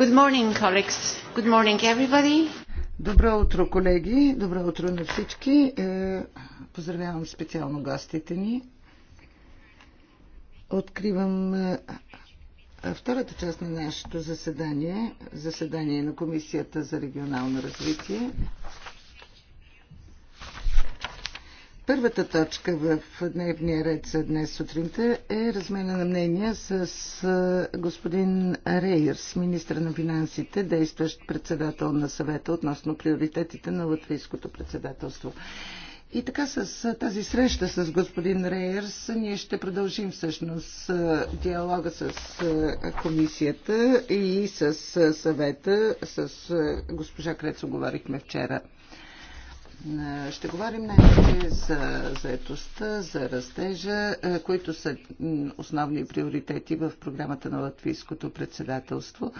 Добро утро, колеги. Добро утро на всички. Е, поздравявам специално гостите ни. Откривам е, втората част на нашето заседание, заседание на Комисията за регионално развитие. Първата точка в дневния ред за днес сутринта е размена на мнения с господин Рейерс, министр на финансите, действащ председател на съвета относно приоритетите на латвийското председателство. И така с тази среща с господин Рейерс ние ще продължим всъщност диалога с комисията и с съвета. С госпожа Крецо говорихме вчера е, ще говорим най-вече за заетостта, за растежа, е, които са основни приоритети в програмата на Латвийското председателство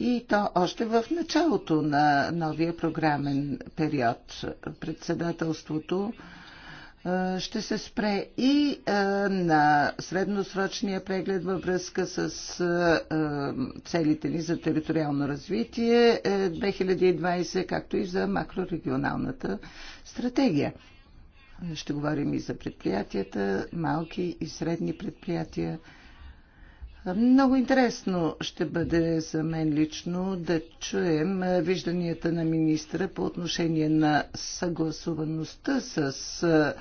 и то още в началото на новия програмен период. Председателството е, ще се спре и е, на средносрочния преглед във връзка с е, целите ни за териториално развитие 2020, както и за макрорегионалната стратегия. Ще говорим и за предприятията, малки и средни предприятия. Много интересно ще бъде за мен лично да чуем вижданията на министра по отношение на съгласуваността с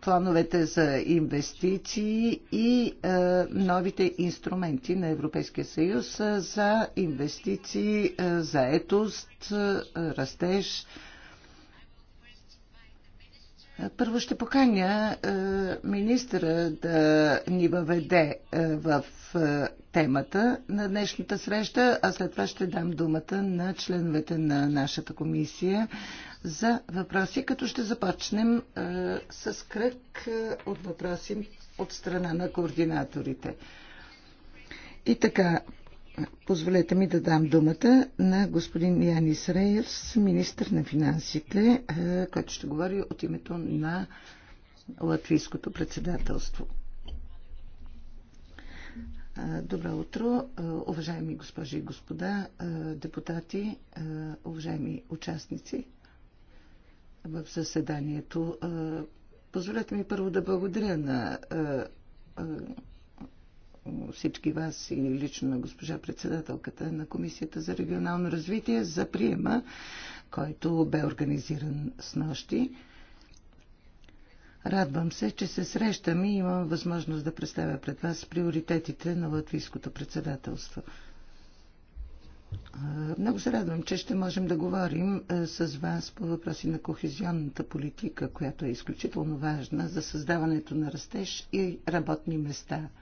плановете за инвестиции и новите инструменти на Европейския съюз за инвестиции, заетост, растеж. Първо ще поканя е, министра да ни въведе е, в е, темата на днешната среща, а след това ще дам думата на членовете на нашата комисия за въпроси, като ще започнем с кръг от въпроси от страна на координаторите. И така, Позволете ми да дам думата на господин Янис Рейерс, министр на финансите, е, който ще говори от името на латвийското председателство. Е, добро утро, е, уважаеми госпожи и господа, депутати, уважаеми участници в заседанието. Позволете ми първо да благодаря на всички вас и лично на госпожа председателката на Комисията за регионално развитие за приема, който бе организиран с нощи. Радвам се, че се срещам и имам възможност да представя пред вас приоритетите на латвийското председателство. Много се радвам, че ще можем да говорим с вас по въпроси на кохезионната политика, която е изключително важна за създаването на растеж и работни места –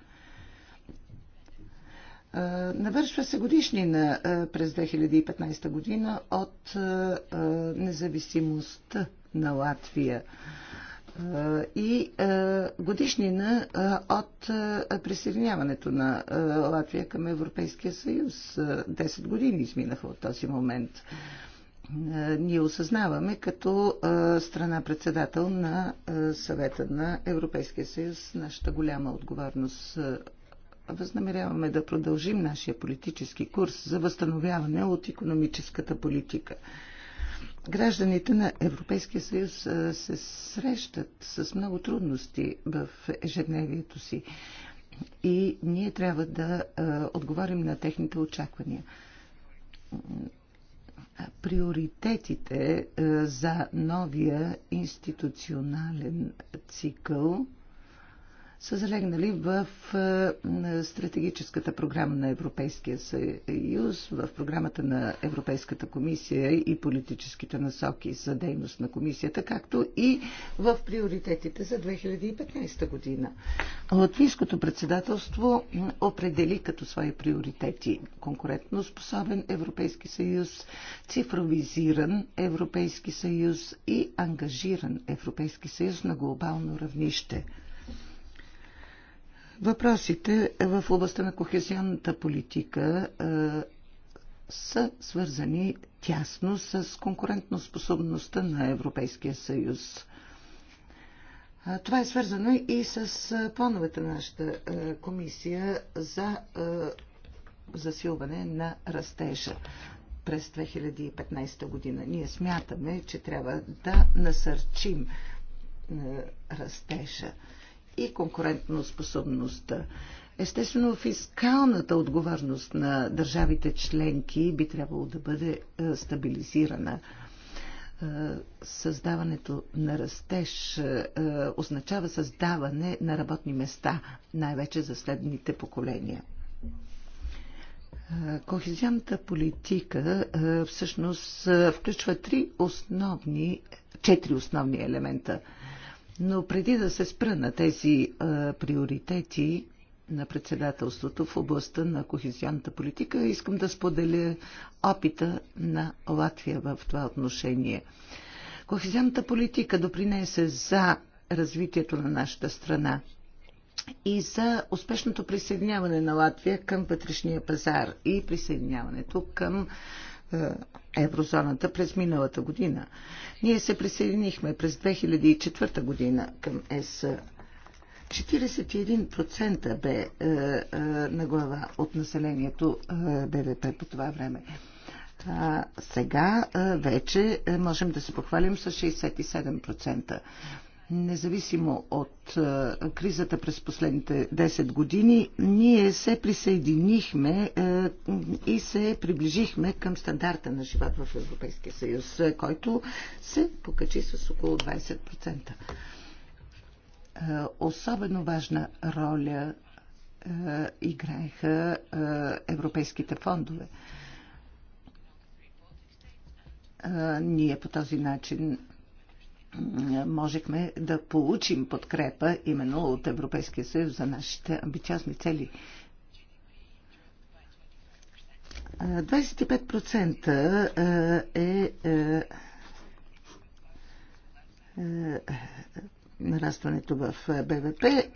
Навършва се годишнина през 2015 година от независимостта на Латвия и годишнина от присъединяването на Латвия към Европейския съюз. 10 години изминаха от този момент. Ние осъзнаваме като страна председател на съвета на Европейския съюз нашата голяма отговорност възнамеряваме да продължим нашия политически курс за възстановяване от економическата политика. Гражданите на Европейския съюз се срещат с много трудности в ежедневието си и ние трябва да отговорим на техните очаквания. Приоритетите за новия институционален цикъл – са залегнали в е, стратегическата програма на Европейския съюз, в програмата на Европейската комисия и политическите насоки за дейност на комисията, както и в приоритетите за 2015 година. Латвийското председателство определи като свои приоритети конкурентно способен Европейски съюз, цифровизиран Европейски съюз и ангажиран Европейски съюз на глобално равнище – Въпросите в областта на кохезионната политика е, са свързани тясно с конкурентноспособността на Европейския съюз. Е, това е свързано и с е, плановете на нашата комисия за засилване на растежа през 2015 година. Ние смятаме, че трябва да насърчим растежа и конкурентноспособността. Естествено, фискалната отговорност на държавите членки би трябвало да бъде е, стабилизирана. Е, създаването на растеж е, означава създаване на работни места, най-вече за следните поколения. Кохезионната политика всъщност включва три основни, четири основни елемента – но преди да се спра на тези а, приоритети на председателството в областта на кохезионната политика, искам да споделя опита на Латвия в това отношение. Кохезионната политика допринесе за развитието на нашата страна и за успешното присъединяване на Латвия към вътрешния пазар и присъединяването към е, еврозоната през миналата година. Ние се присъединихме през 2004 година към ЕС. 41% бе е, е, на глава от населението е, БВП по това време. А, сега е, вече е, можем да се похвалим с 67% независимо от е, кризата през последните 10 години, ние се присъединихме е, и се приближихме към стандарта на живот в Европейския съюз, е, който се покачи с около 20%. Особено важна роля играеха европейските фондове. Ние по този начин можехме да получим подкрепа именно от Европейския съюз за нашите амбициозни цели. 25% е, е, е нарастването в БВП е,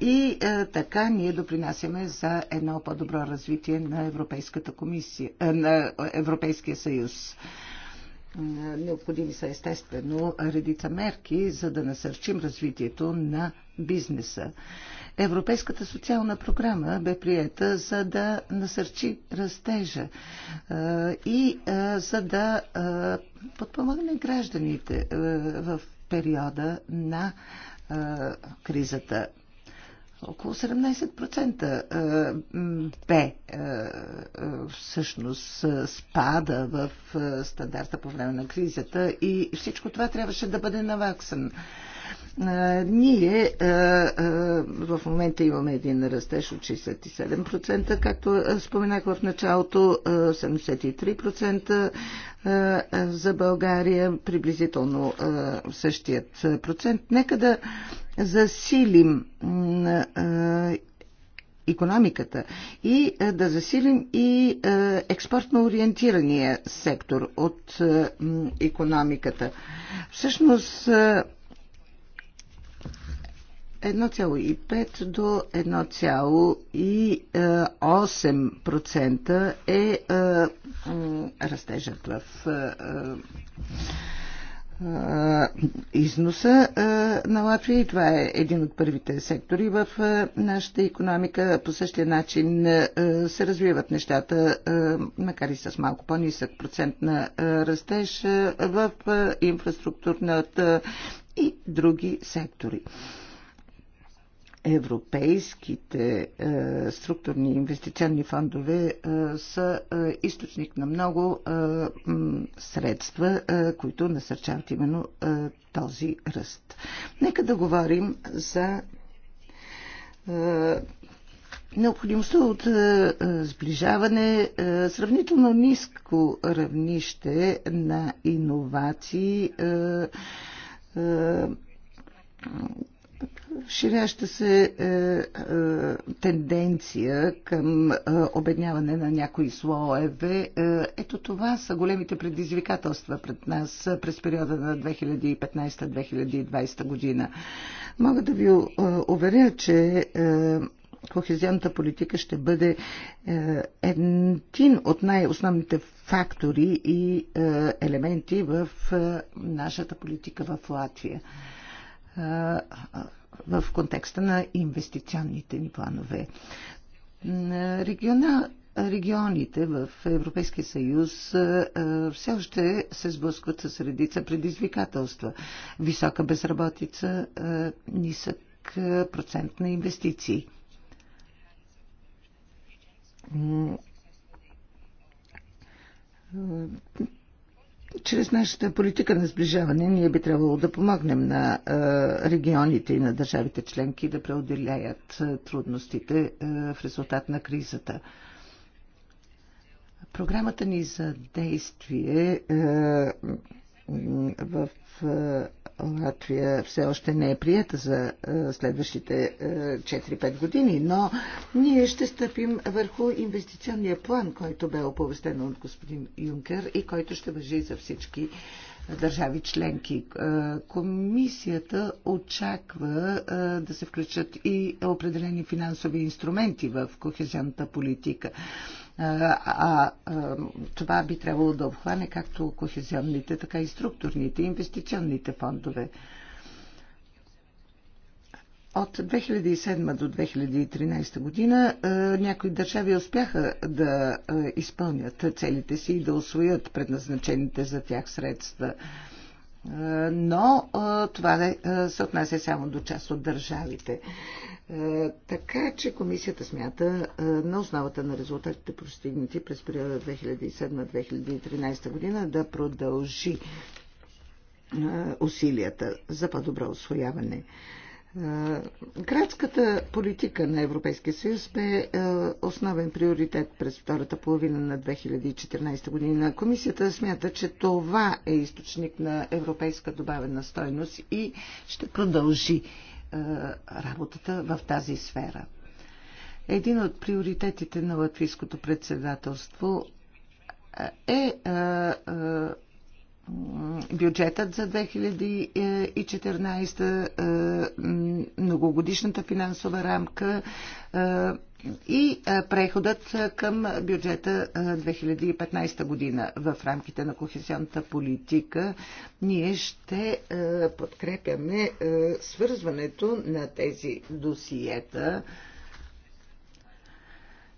и е, така ние допринасяме за едно по-добро развитие на Европейската комисия, е, на Европейския съюз. Необходими са естествено редица мерки, за да насърчим развитието на бизнеса. Европейската социална програма бе приета за да насърчи растежа е, и е, за да е, подпомогне гражданите в периода на кризата. Около 17% бе всъщност спада в стандарта по време на кризата и всичко това трябваше да бъде наваксан. Ние в момента имаме един растеж от 67%, както споменах в началото, 73% за България, приблизително същият процент. Нека да засилим економиката и да засилим и експортно ориентирания сектор от економиката. Всъщност 1,5 до 1,8% е растежът в износа на Латвия и това е един от първите сектори в нашата економика. По същия начин се развиват нещата, макар и с малко по-нисък процент на растеж в инфраструктурната и други сектори европейските е, структурни инвестиционни фондове е, са е, източник на много е, м, средства, е, които насърчават именно е, този ръст. Нека да говорим за е, необходимостта от е, е сближаване, е, сравнително ниско равнище на иновации. Е, е, ширяща се е, е, тенденция към е, обедняване на някои слоеве. Е, ето това са големите предизвикателства пред нас е, през периода на 2015-2020 година. Мога да ви е, уверя, че е, кохезионната политика ще бъде е, един от най-основните фактори и е, елементи в е, нашата политика в Латвия е, в контекста на инвестиционните ни планове. Региона, регионите в Европейския съюз все още се сблъскват с редица предизвикателства. Висока безработица, нисък процент на инвестиции чрез нашата политика на сближаване ние би трябвало да помогнем на регионите и на държавите членки да преодоляят трудностите в резултат на кризата. Програмата ни за действие в Латвия все още не е прията за е, следващите 4-5 е, години, но ние ще стъпим върху инвестиционния план, който бе оповестен от господин Юнкер и който ще въжи за всички държави членки. Е, комисията очаква да се включат и определени финансови инструменти в кохезионната политика а това би трябвало да обхване както кохезионните, така и структурните, инвестиционните фондове. От 2007 до 2013 година някои държави успяха да изпълнят целите си и да освоят предназначените за тях средства. Но това се отнася само до част от държавите. Е, така че комисията смята е, на основата на резултатите постигнати през периода 2007-2013 година да продължи е, усилията за по-добро освояване. Градската политика на Европейския съюз бе основен приоритет през втората половина на 2014 година. Комисията смята, че това е източник на европейска добавена стойност и ще продължи е, работата в тази сфера. Един от приоритетите на латвийското председателство е, е, е бюджетът за 2014, е, многогодишната финансова рамка е, и е, преходът към бюджета 2015 година в рамките на кохезионната политика, ние ще подкрепяме свързването на тези досиета.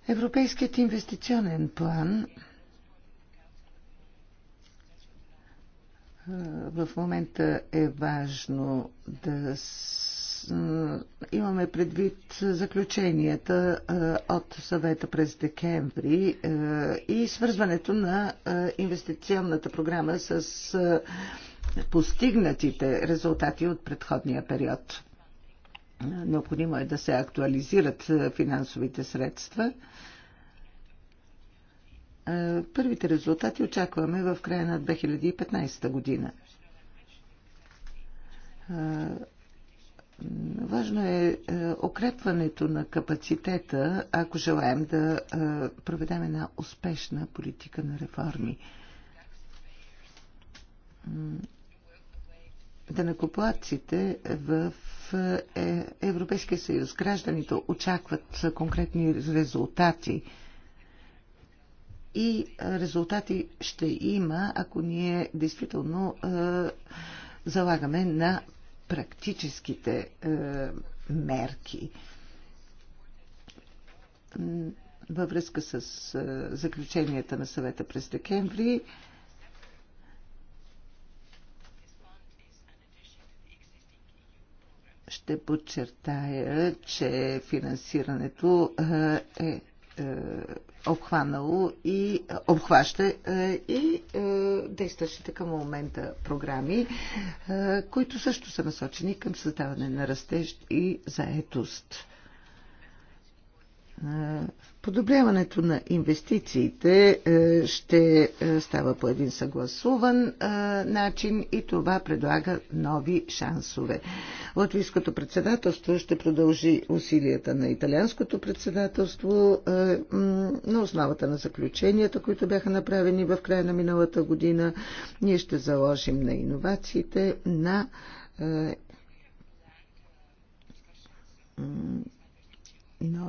Европейският инвестиционен план в момента е важно да имаме предвид заключенията от съвета през декември и свързването на инвестиционната програма с постигнатите резултати от предходния период. Необходимо е да се актуализират финансовите средства Първите резултати очакваме в края на 2015 година. Важно е, е укрепването на капацитета, ако желаем да е, проведем една успешна политика на реформи. накоплаците в е, Европейския съюз, гражданите очакват конкретни резултати – и резултати ще има, ако ние действително залагаме на практическите мерки във връзка с заключенията на съвета през декември. Ще подчертая, че финансирането е обхванало и е, обхваща е, и е, действащите към момента програми, които също са насочени към създаване на растеж и заетост. Подобряването на инвестициите ще става по един съгласуван начин и това предлага нови шансове. Латвийското председателство ще продължи усилията на италианското председателство на основата на заключенията, които бяха направени в края на миналата година. Ние ще заложим на иновациите, на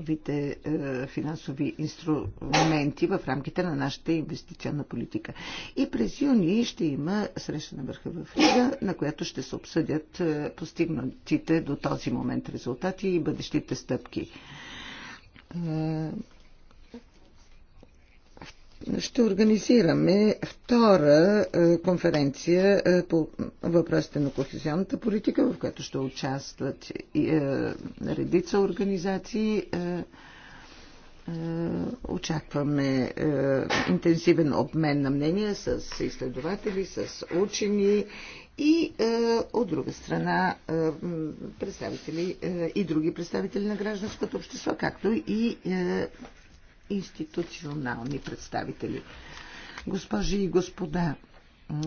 новите е, финансови инструменти в рамките на нашата инвестиционна политика. И през юни ще има среща на върха в Рига, на която ще се обсъдят е, постигнатите до този момент резултати и бъдещите стъпки. Е, ще организираме втора е, конференция е, по въпросите на кохезионната политика, в която ще участват е, редица организации. Очакваме интенсивен обмен на мнения с изследователи, с учени и от друга страна представители и други представители на гражданското общество, както и институционални представители. Госпожи и господа,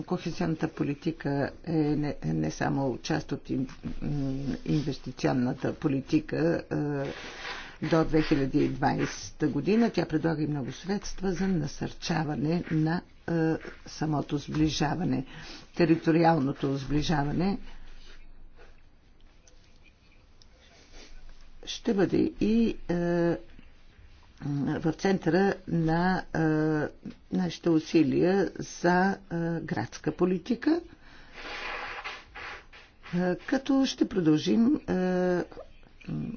Кохезионната политика е не, не само част от инвестиционната политика е, до 2020 година. Тя предлага и много средства за насърчаване на е, самото сближаване, териториалното сближаване. Ще бъде и е, в центъра на нашите усилия за градска политика, като ще продължим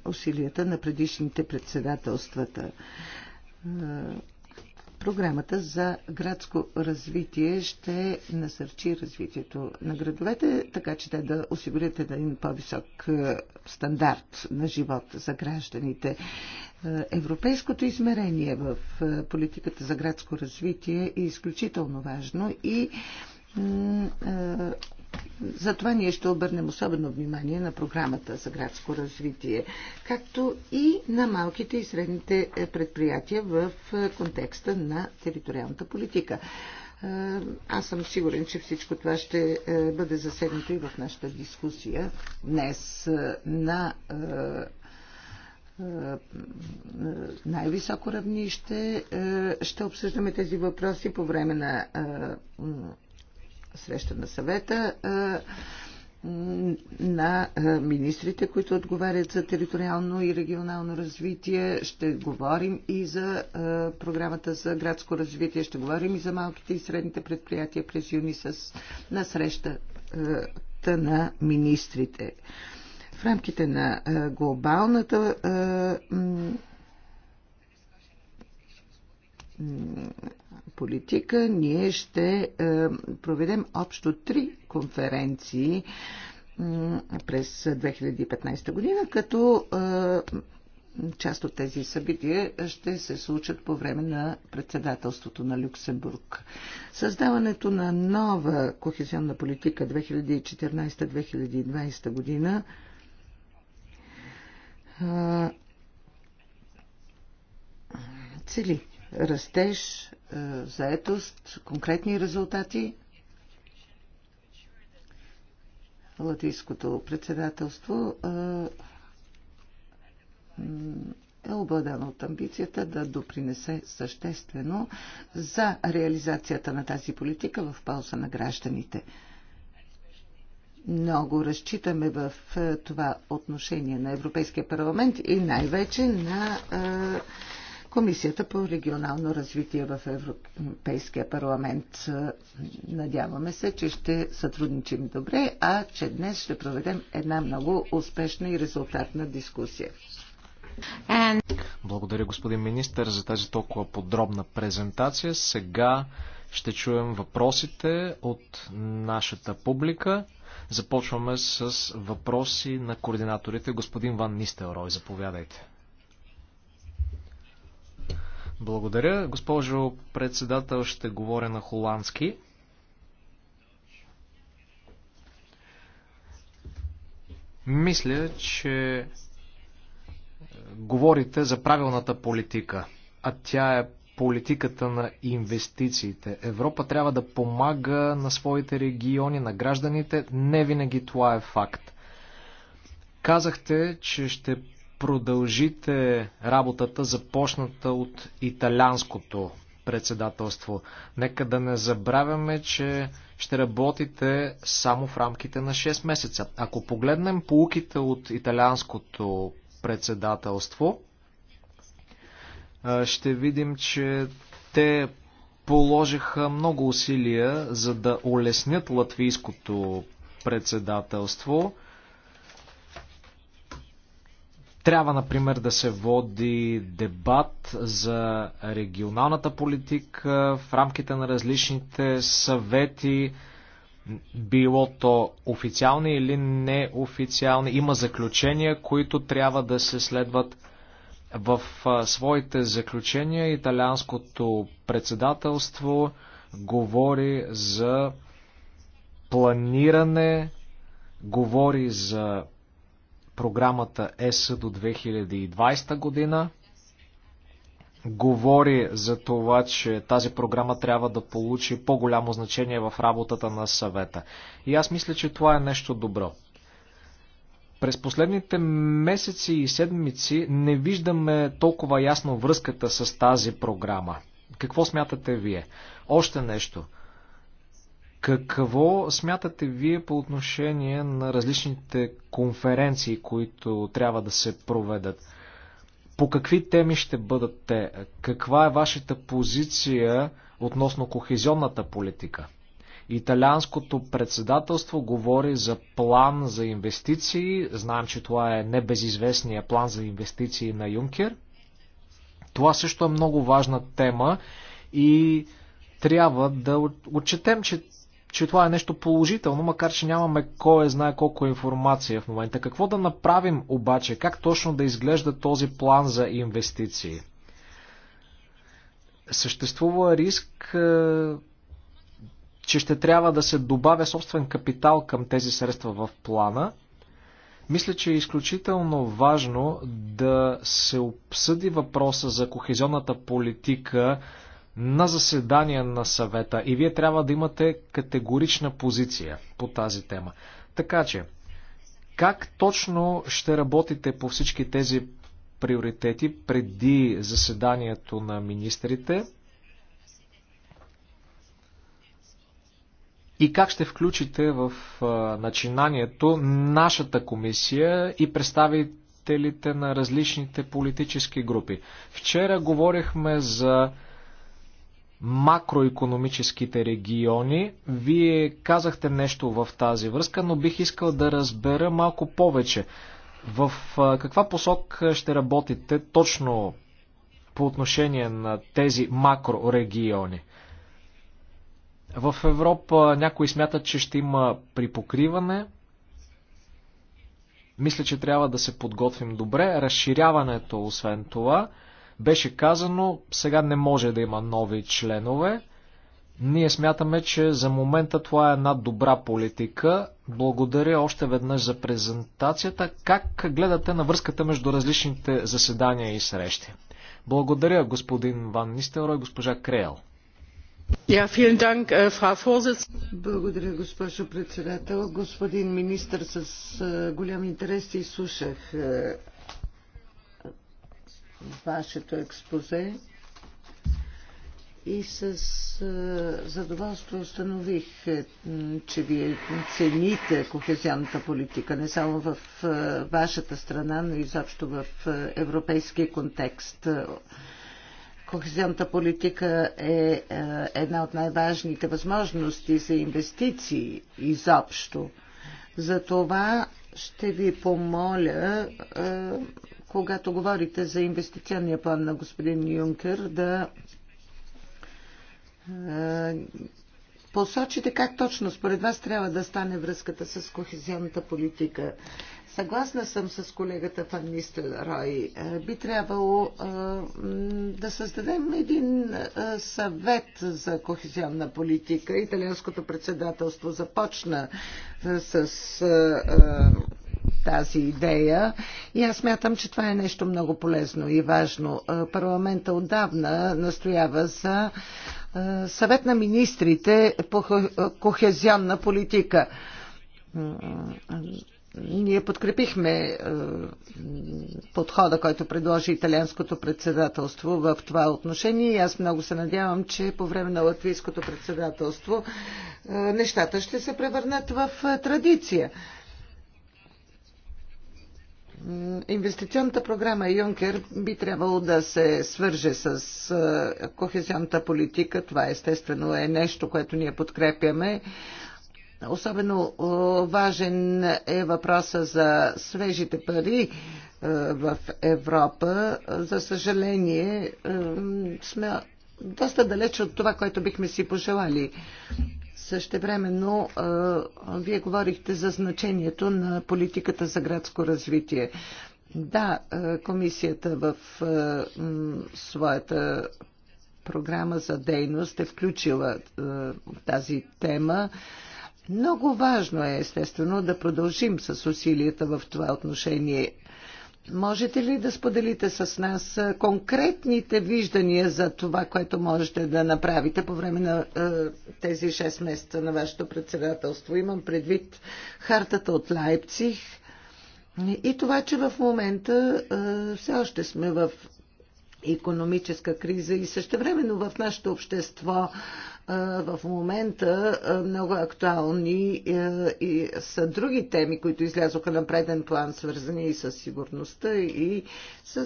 усилията на предишните председателствата. Програмата за градско развитие ще насърчи развитието на градовете, така че те да осигурят един по-висок е, стандарт на живот за гражданите. Е, европейското измерение в е, политиката за градско развитие е изключително важно и затова ние ще обърнем особено внимание на програмата за градско развитие, както и на малките и средните е, предприятия в е, контекста на териториалната политика. Е, аз съм сигурен, че всичко това ще бъде заседнато и в нашата дискусия днес на най-високо равнище. Ще обсъждаме тези въпроси по време на среща на съвета на министрите, които отговарят за териториално и регионално развитие. Ще говорим и за програмата за градско развитие, ще говорим и за малките и средните предприятия през юни с, на срещата на министрите. В рамките на глобалната политика, ние ще е, проведем общо три конференции през 2015 година, като е, част от тези събития ще се случат по време на председателството на Люксембург. Създаването на нова кохезионна политика 2014-2020 година е, цели растеж, е, заетост, конкретни резултати. Латвийското председателство е, е обладано от амбицията да допринесе съществено за реализацията на тази политика в полза на гражданите. Много разчитаме в е, това отношение на Европейския парламент и най-вече на е, Комисията по регионално развитие в Европейския парламент. Надяваме се, че ще сътрудничим добре, а че днес ще проведем една много успешна и резултатна дискусия. Благодаря, господин министър, за тази толкова подробна презентация. Сега ще чуем въпросите от нашата публика. Започваме с въпроси на координаторите. Господин Ван Нистелрой, заповядайте. Благодаря. Госпожо председател, ще говоря на холандски. Мисля, че е, говорите за правилната политика, а тя е политиката на инвестициите. Европа трябва да помага на своите региони, на гражданите. Не винаги това е факт. Казахте, че ще продължите работата, започната от италянското председателство. Нека да не забравяме, че ще работите само в рамките на 6 месеца. Ако погледнем полуките от италианското председателство, ще видим, че те положиха много усилия за да улеснят латвийското председателство. Трябва, например, да се води дебат за регионалната политика в рамките на различните съвети, било то официални или неофициални. Има заключения, които трябва да се следват в своите заключения. Италианското председателство говори за планиране, говори за програмата ЕС до 2020 година. Говори за това, че тази програма трябва да получи по-голямо значение в работата на съвета. И аз мисля, че това е нещо добро. През последните месеци и седмици не виждаме толкова ясно връзката с тази програма. Какво смятате вие? Още нещо – какво смятате вие по отношение на различните конференции, които трябва да се проведат? По какви теми ще бъдат те? Каква е вашата позиция относно кохезионната политика? Италианското председателство говори за план за инвестиции. Знаем, че това е небезизвестния план за инвестиции на Юнкер. Това също е много важна тема и трябва да отчетем, че че това е нещо положително, макар че нямаме кой е знае колко информация в момента. Какво да направим обаче? Как точно да изглежда този план за инвестиции? Съществува риск е, че ще трябва да се добавя собствен капитал към тези средства в плана. Мисля, че е изключително важно да се обсъди въпроса за кохезионната политика на заседания на съвета и вие трябва да имате категорична позиция по тази тема. Така че, как точно ще работите по всички тези приоритети преди заседанието на министрите? И как ще включите в начинанието нашата комисия и представителите на различните политически групи? Вчера говорихме за макроекономическите региони. Вие казахте нещо в тази връзка, но бих искал да разбера малко повече. В каква посок ще работите точно по отношение на тези макрорегиони? В Европа някои смятат, че ще има припокриване. Мисля, че трябва да се подготвим добре. Разширяването, освен това, беше казано, сега не може да има нови членове. Ние смятаме, че за момента това е една добра политика. Благодаря още веднъж за презентацията. Как гледате на връзката между различните заседания и срещи? Благодаря, господин Ван Нистелро и госпожа Креел. Dank, äh, Благодаря, госпожо председател. Господин министр, с э, голям интерес изслушах э, вашето експозе и с е, задоволство установих, е, че вие цените кохезионната политика не само в е, вашата страна, но и изобщо в европейски контекст. Кохезионната политика е една от най-важните възможности за инвестиции изобщо. За това ще ви помоля когато говорите за инвестиционния план на господин Юнкер, да е, посочите как точно според вас трябва да стане връзката с кохезионната политика. Съгласна съм с колегата Фан Рой. Е, би трябвало е, да създадем един съвет за кохезионна политика. Италианското председателство започна с тази идея и аз мятам, че това е нещо много полезно и важно. Е, парламента отдавна настоява за е, съвет на министрите по кохезионна политика. Ние подкрепихме е, подхода, който предложи италианското председателство в това отношение и аз много се надявам, че по време на латвийското председателство нещата ще се превърнат в традиция. Инвестиционната програма Юнкер би трябвало да се свърже с кохезионната политика. Това естествено е нещо, което ние подкрепяме. Особено важен е въпроса за свежите пари в Европа. За съжаление, сме доста далеч от това, което бихме си пожелали. Същевременно вие говорихте за значението на политиката за градско развитие. Да, комисията в своята програма за дейност е включила тази тема. Много важно е, естествено, да продължим с усилията в това отношение. Можете ли да споделите с нас конкретните виждания за това, което можете да направите по време на е, тези 6 месеца на вашето председателство? Имам предвид хартата от Лайпциг и това, че в момента е, все още сме в економическа криза и същевременно в нашето общество в момента много актуални и са други теми, които излязоха на преден план, свързани и с сигурността и с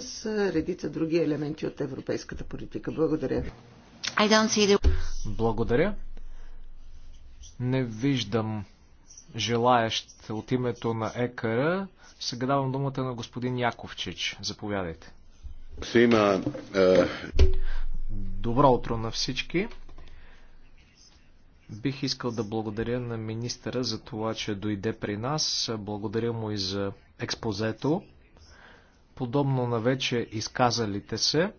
редица други елементи от европейската политика. Благодаря. The... Благодаря. Не виждам желаящ от името на ЕКР. Сега давам думата на господин Яковчич. Заповядайте. Е, Добро утро на всички. Бих искал да благодаря на министъра за това, че дойде при нас. Благодаря му и за експозето. Подобно на вече изказалите се,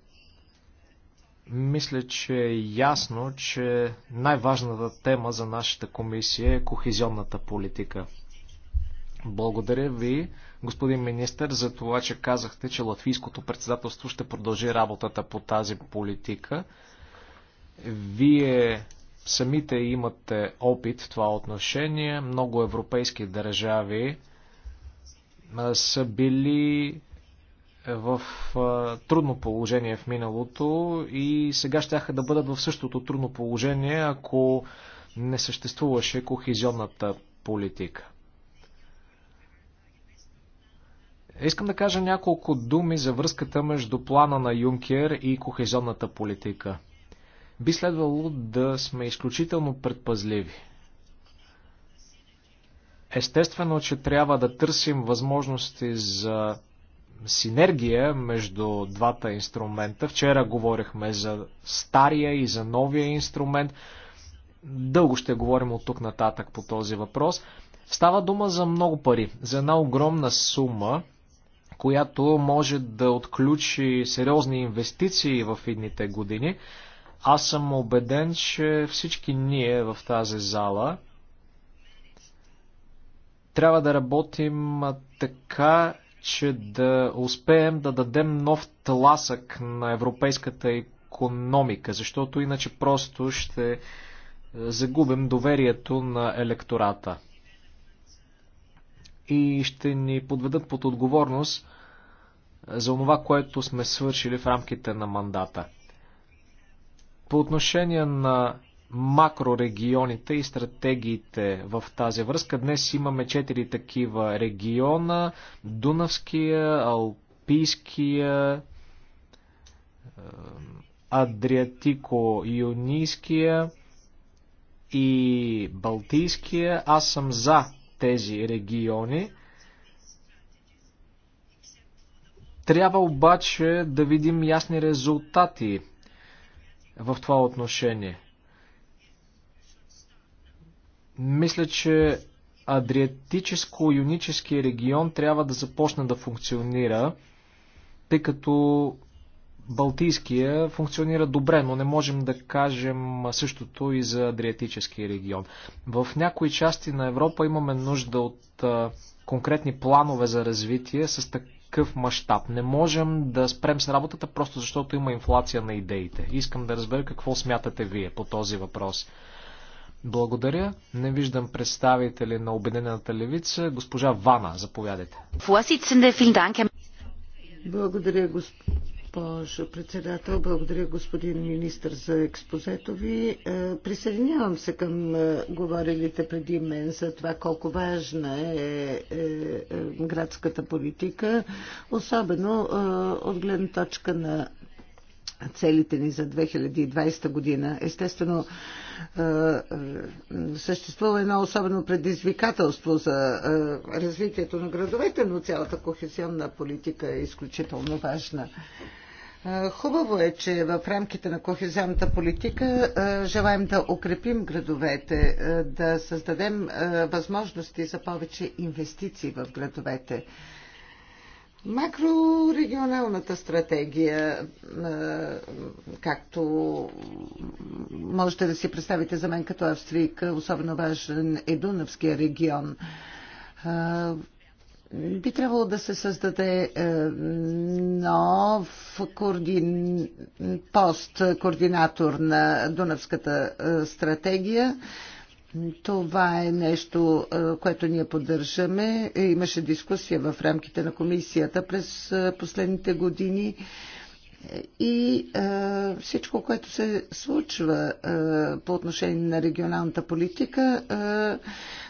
мисля, че е ясно, че най-важната тема за нашата комисия е кохезионната политика. Благодаря ви, господин министър, за това, че казахте, че латвийското председателство ще продължи работата по тази политика. Вие Самите имате опит в това отношение. Много европейски държави са били е, в трудно положение в миналото и сега ще да бъдат в същото трудно положение, ако не съществуваше кохезионната политика. Искам да кажа няколко думи за връзката между плана на Юнкер и кохезионната политика – би следвало да сме изключително предпазливи. Естествено, че трябва да търсим възможности за синергия между двата инструмента. Вчера говорихме за стария и за новия инструмент. Дълго ще говорим от тук нататък по този въпрос. Става дума за много пари, за една огромна сума, която може да отключи сериозни инвестиции в едните години. Аз съм убеден, че всички ние в тази зала трябва да работим така, че да успеем да дадем нов тласък на европейската економика, защото иначе просто ще загубим доверието на електората. И ще ни подведат под отговорност за това, което сме свършили в рамките на мандата. По отношение на макрорегионите и стратегиите в тази връзка, днес имаме четири такива региона. Дунавския, Алпийския, е, Адриатико-Юнийския и Балтийския. Аз съм за тези региони. Трябва обаче да видим ясни резултати в това отношение. Мисля, че Адриатическо-юнически регион трябва да започне да функционира, тъй като Балтийския функционира добре, но не можем да кажем същото и за Адриатическия регион. В някои части на Европа имаме нужда от конкретни планове за развитие с така такъв мащаб. Не можем да спрем с работата просто защото има инфлация на идеите. Искам да разбера какво смятате вие по този въпрос. Благодаря. Не виждам представители на Обединената левица. Госпожа Вана, заповядайте. Благодаря, господин госпожо председател. Благодаря, господин министр, за експозето ви. Е, присъединявам се към е, говорилите преди мен за това колко важна е, е градската политика, особено от гледна точка на целите ни за 2020 година. Естествено, съществува едно особено предизвикателство за развитието на градовете, но цялата кохезионна политика е изключително важна. Хубаво е, че в рамките на кохезионната политика желаем да укрепим градовете, да създадем възможности за повече инвестиции в градовете. Макрорегионалната стратегия, както можете да си представите за мен като австрийка, особено важен е Дунавския регион би трябвало да се създаде е, нов координ... пост, координатор на Дунавската е, стратегия. Това е нещо, е, което ние поддържаме. Имаше дискусия в рамките на комисията през последните години и а, всичко, което се случва а, по отношение на регионалната политика, а,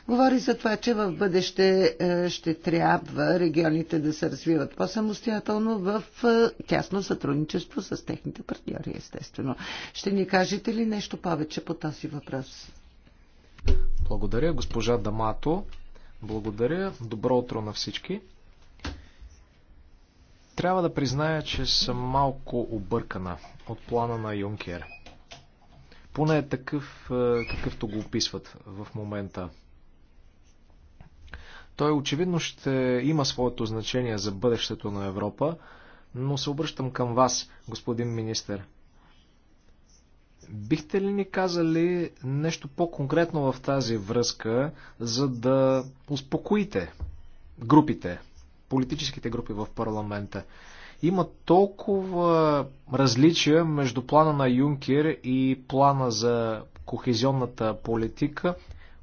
говори за това, че в бъдеще а, ще трябва регионите да се развиват по-самостоятелно в а, тясно сътрудничество с техните партньори, естествено. Ще ни кажете ли нещо повече по този въпрос? Благодаря, госпожа Дамато. Благодаря. Добро утро на всички. Трябва да призная, че съм малко объркана от плана на Юнкер. Поне е такъв, какъвто го описват в момента. Той очевидно ще има своето значение за бъдещето на Европа, но се обръщам към вас, господин министър. Бихте ли ни казали нещо по-конкретно в тази връзка, за да успокоите групите политическите групи в парламента. Има толкова различия между плана на Юнкер и плана за кохезионната политика.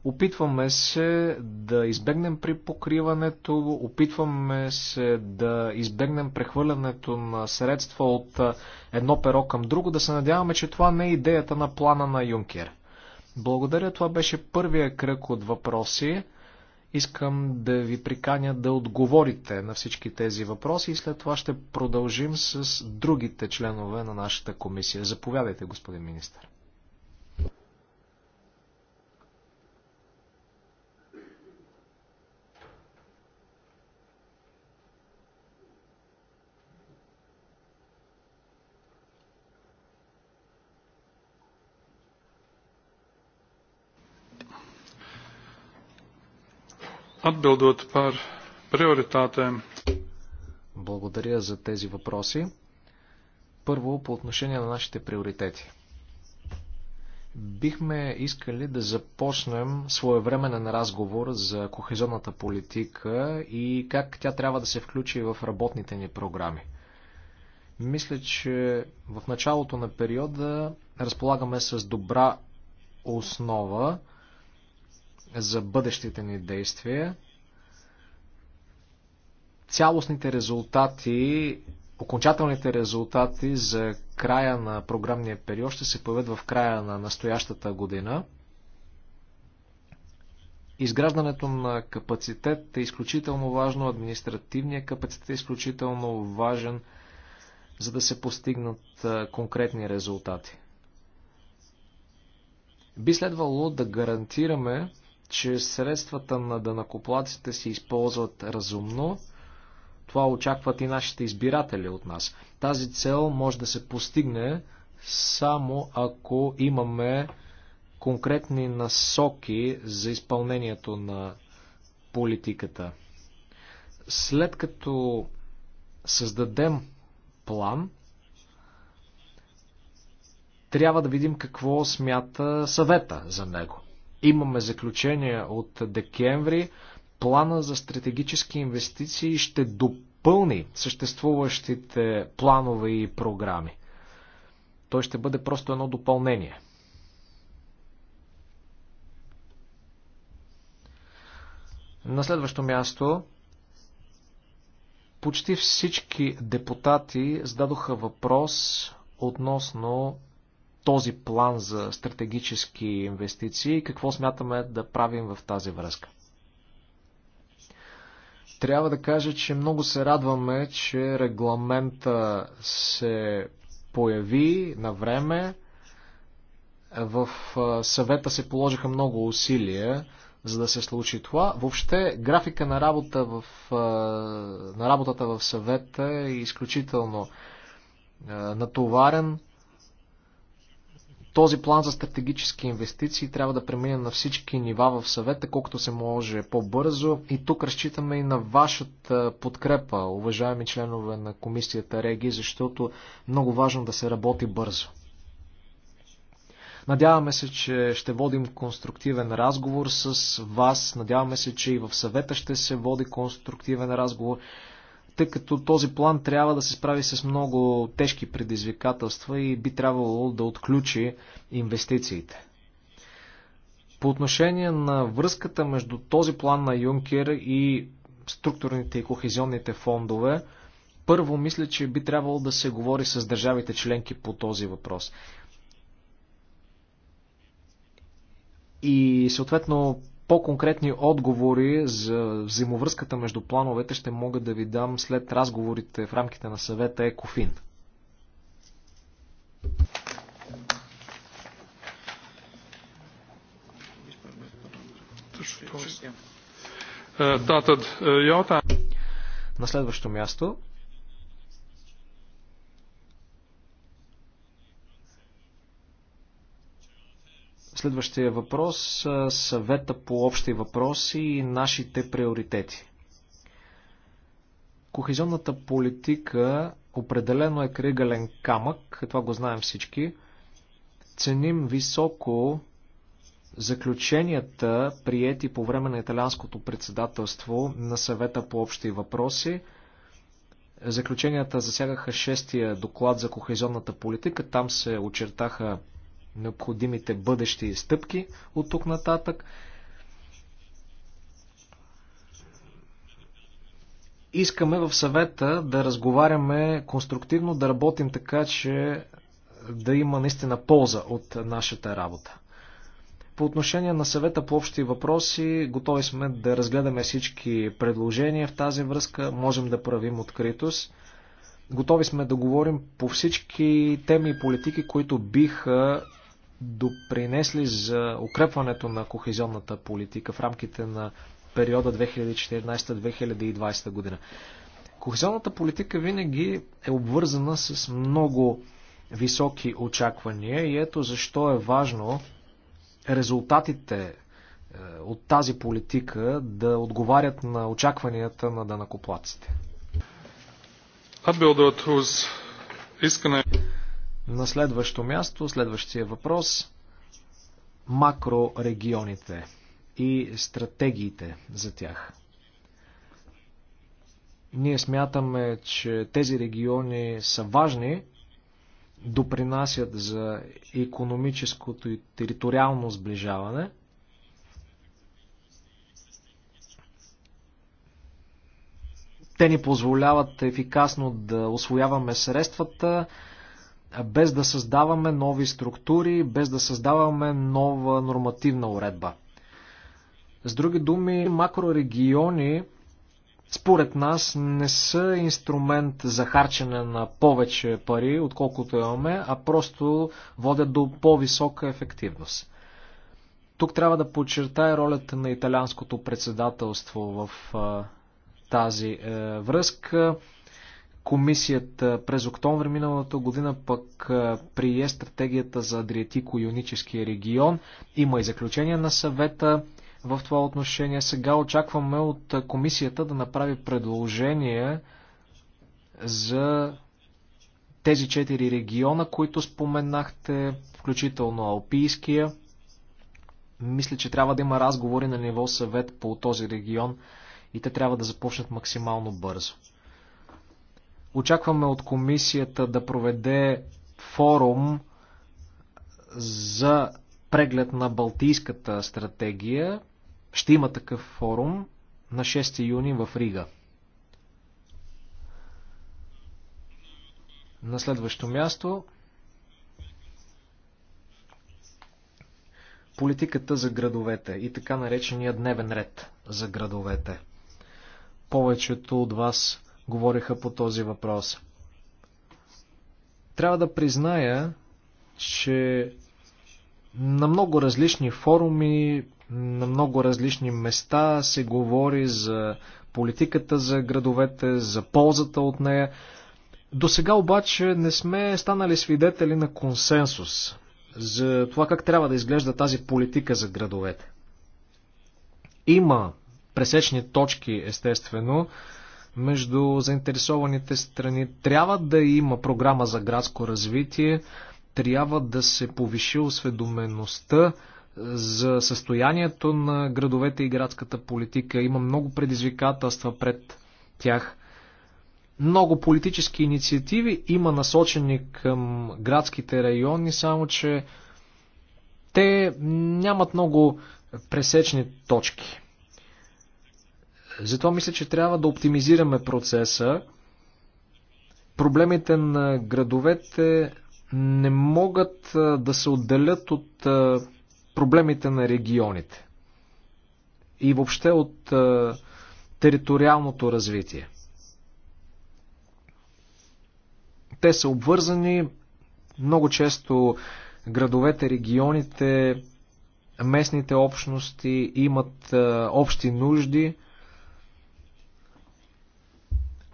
Опитваме се да избегнем при покриването, опитваме се да избегнем прехвърлянето на средства от едно перо към друго, да се надяваме, че това не е идеята на плана на Юнкер. Благодаря, това беше първия кръг от въпроси. Искам да ви приканя да отговорите на всички тези въпроси и след това ще продължим с другите членове на нашата комисия. Заповядайте, господин министър. Atbildot par prioritātēm. Благодаря за тези въпроси. Първо, по отношение на нашите приоритети. Бихме искали да започнем своевременен разговор за кохезионната политика и как тя трябва да се включи в работните ни програми. Мисля, че в началото на периода разполагаме с добра основа, за бъдещите ни действия. Цялостните резултати, окончателните резултати за края на програмния период ще се появят в края на настоящата година. Изграждането на капацитет е изключително важно, административният капацитет е изключително важен, за да се постигнат конкретни резултати. Би следвало да гарантираме, че средствата на данакоплаците се използват разумно. Това очакват и нашите избиратели от нас. Тази цел може да се постигне само ако имаме конкретни насоки за изпълнението на политиката. След като създадем план, трябва да видим какво смята съвета за него. Имаме заключение от декември. Плана за стратегически инвестиции ще допълни съществуващите планове и програми. Той ще бъде просто едно допълнение. На следващо място почти всички депутати зададоха въпрос относно този план за стратегически инвестиции и какво смятаме да правим в тази връзка. Трябва да кажа, че много се радваме, че регламента се появи на време. В съвета се положиха много усилия, за да се случи това. Въобще, графика на, работа в, на работата в съвета е изключително натоварен. Този план за стратегически инвестиции трябва да премине на всички нива в съвета, колкото се може по-бързо. И тук разчитаме и на вашата подкрепа, уважаеми членове на комисията Реги, защото много важно да се работи бързо. Надяваме се, че ще водим конструктивен разговор с вас. Надяваме се, че и в съвета ще се води конструктивен разговор тъй като този план трябва да се справи с много тежки предизвикателства и би трябвало да отключи инвестициите. По отношение на връзката между този план на Юнкер и структурните и кохезионните фондове, първо мисля, че би трябвало да се говори с държавите членки по този въпрос. И съответно по-конкретни отговори за взаимовръзката между плановете ще мога да ви дам след разговорите в рамките на съвета ЕКОФИН. Е, е, на следващо място Следващия въпрос съвета по общи въпроси и нашите приоритети. Кохезионната политика определено е кригален камък, това го знаем всички. Ценим високо заключенията, приети по време на италианското председателство на съвета по общи въпроси. Заключенията засягаха шестия доклад за кохезионната политика. Там се очертаха необходимите бъдещи стъпки от тук нататък. Искаме в съвета да разговаряме конструктивно, да работим така, че да има наистина полза от нашата работа. По отношение на съвета по общи въпроси, готови сме да разгледаме всички предложения в тази връзка, можем да правим откритост. Готови сме да говорим по всички теми и политики, които биха допринесли за укрепването на кохезионната политика в рамките на периода 2014-2020 година. Кохезионната политика винаги е обвързана с много високи очаквания и ето защо е важно резултатите е, от тази политика да отговарят на очакванията на данакоплаците. Искане. На следващо място, следващия въпрос макрорегионите и стратегиите за тях. Ние смятаме, че тези региони са важни, допринасят за економическото и териториално сближаване. Те ни позволяват ефикасно да освояваме средствата, без да създаваме нови структури, без да създаваме нова нормативна уредба. С други думи, макрорегиони според нас не са инструмент за харчене на повече пари, отколкото имаме, а просто водят до по-висока ефективност. Тук трябва да подчертая ролята на италианското председателство в тази е, връзка. Комисията през октомври миналата година пък прие стратегията за Адриатико-Юническия регион. Има и заключение на съвета в това отношение. Сега очакваме от комисията да направи предложение за тези четири региона, които споменахте, включително Алпийския. Мисля, че трябва да има разговори на ниво съвет по този регион и те трябва да започнат максимално бързо. Очакваме от комисията да проведе форум за преглед на Балтийската стратегия. Ще има такъв форум на 6 юни в Рига. На следващо място политиката за градовете и така наречения дневен ред за градовете. Повечето от вас говориха по този въпрос. Трябва да призная, че на много различни форуми, на много различни места се говори за политиката за градовете, за ползата от нея. До сега обаче не сме станали свидетели на консенсус за това как трябва да изглежда тази политика за градовете. Има пресечни точки, естествено, между заинтересованите страни. Трябва да има програма за градско развитие, трябва да се повиши осведомеността е, за състоянието на градовете и градската политика. Има много предизвикателства пред тях. Много политически инициативи има насочени към градските райони, само че те нямат много пресечни точки. Затова мисля, че трябва да оптимизираме процеса. Проблемите на градовете не могат да се отделят от проблемите на регионите и въобще от териториалното развитие. Те са обвързани много често градовете, регионите, местните общности имат общи нужди.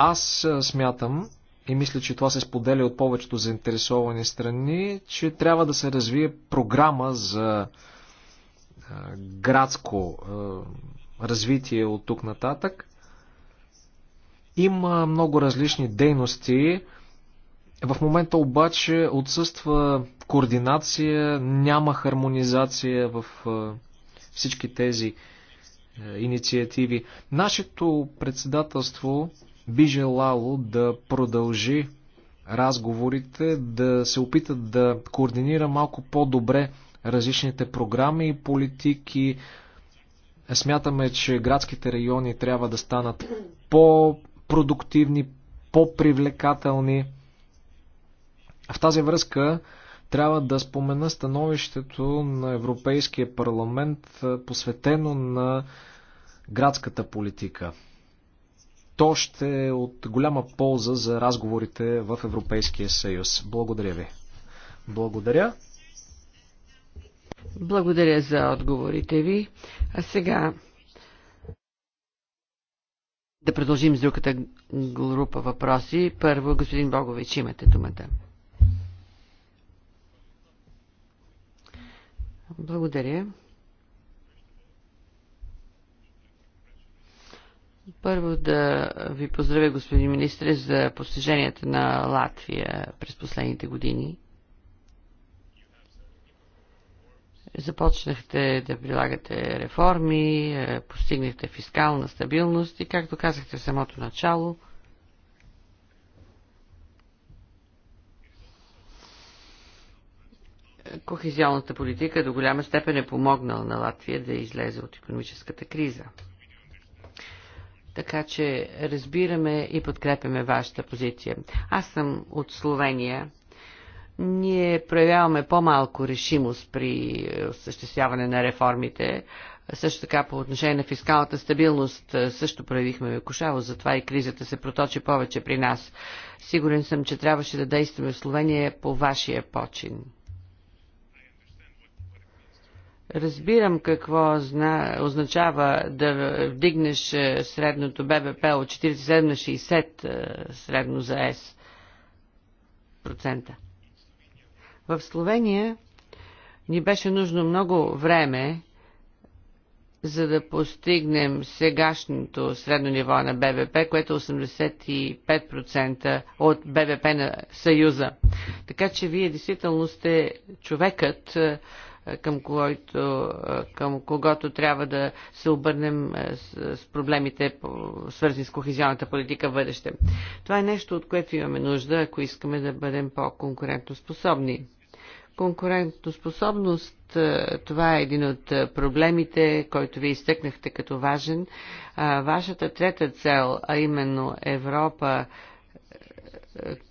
Аз смятам и мисля, че това се споделя от повечето заинтересовани страни, че трябва да се развие програма за градско развитие от тук нататък. Има много различни дейности. В момента обаче отсъства координация, няма хармонизация в всички тези инициативи. Нашето председателство би желало да продължи разговорите, да се опитат да координира малко по-добре различните програми и политики. Смятаме, че градските райони трябва да станат по-продуктивни, по-привлекателни. В тази връзка трябва да спомена становището на Европейския парламент, посветено на градската политика. То ще е от голяма полза за разговорите в Европейския съюз. Благодаря ви. Благодаря. Благодаря за отговорите ви. А сега да продължим с другата група въпроси. Първо, господин Богович, имате думата. Благодаря. Първо да ви поздравя, господин министр, за постиженията на Латвия през последните години. Започнахте да прилагате реформи, е, постигнахте фискална стабилност и, както казахте в самото начало, кохезионната политика до голяма степен е помогнала на Латвия да излезе от економическата криза. Така че разбираме и подкрепяме вашата позиция. Аз съм от Словения. Ние проявяваме по-малко решимост при е, осъществяване на реформите. Също така по отношение на фискалната стабилност е, също проявихме кошаво, затова и кризата се проточи повече при нас. Сигурен съм, че трябваше да действаме в Словения по вашия почин. Разбирам какво зна, означава да вдигнеш е, средното БВП от 47 на 60 е, средно за ЕС процента. В Словения ни беше нужно много време, за да постигнем сегашното средно ниво на БВП, което е 85% от БВП на Съюза. Така че вие действително сте човекът, е, към, който, е, към когото трябва да се обърнем е, с, проблемите, свързани с кохезионната политика в бъдеще. Това е нещо, от което имаме нужда, ако искаме да бъдем по конкурентоспособни Конкурентоспособност, е, това е един от проблемите, който ви изтъкнахте като важен. Вашата трета цел, а именно Европа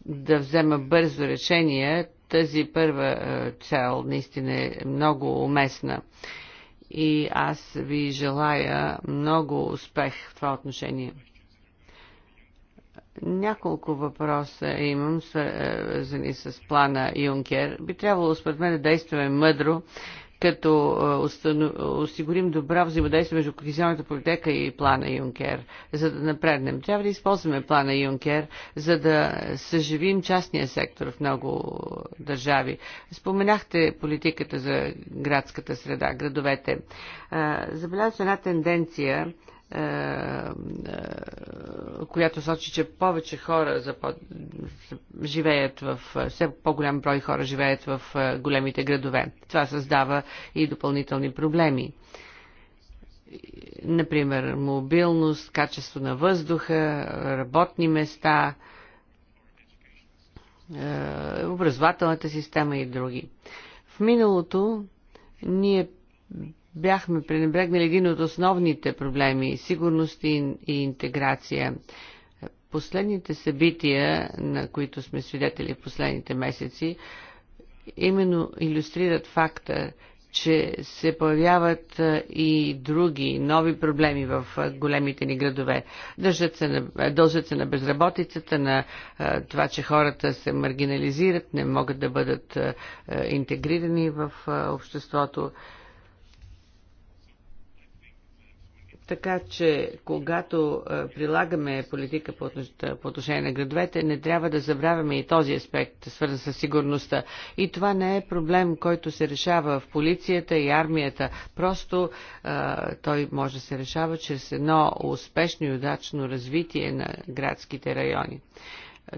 да взема бързо решение, тази първа е, цел наистина е много уместна. И аз ви желая много успех в това отношение. Няколко въпроса имам, е, свързани с плана Юнкер. Би трябвало, според мен, да действаме мъдро като осигурим добра взаимодействие между кохезионната политика и плана Юнкер, за да напреднем. Трябва да използваме плана Юнкер, за да съживим частния сектор в много държави. Споменахте политиката за градската среда, градовете. Забелязва една тенденция е, е, която сочи, че повече хора за по... живеят в, все по-голям брой хора живеят в е, големите градове. Това създава и допълнителни проблеми. Например, мобилност, качество на въздуха, работни места, образователната система и други. В миналото ние бяхме пренебрегнали един от основните проблеми – сигурност и, и интеграция. Последните събития, на които сме свидетели в последните месеци, именно иллюстрират факта, че се появяват и други нови проблеми в големите ни градове. Дължат се на, дължат се на безработицата, на това, че хората се маргинализират, не могат да бъдат интегрирани в обществото. Така че, когато е, прилагаме политика по отношение на градовете, не трябва да забравяме и този аспект, свързан с сигурността. И това не е проблем, който се решава в полицията и армията. Просто а, е, той може да се решава чрез едно успешно и удачно развитие на градските райони.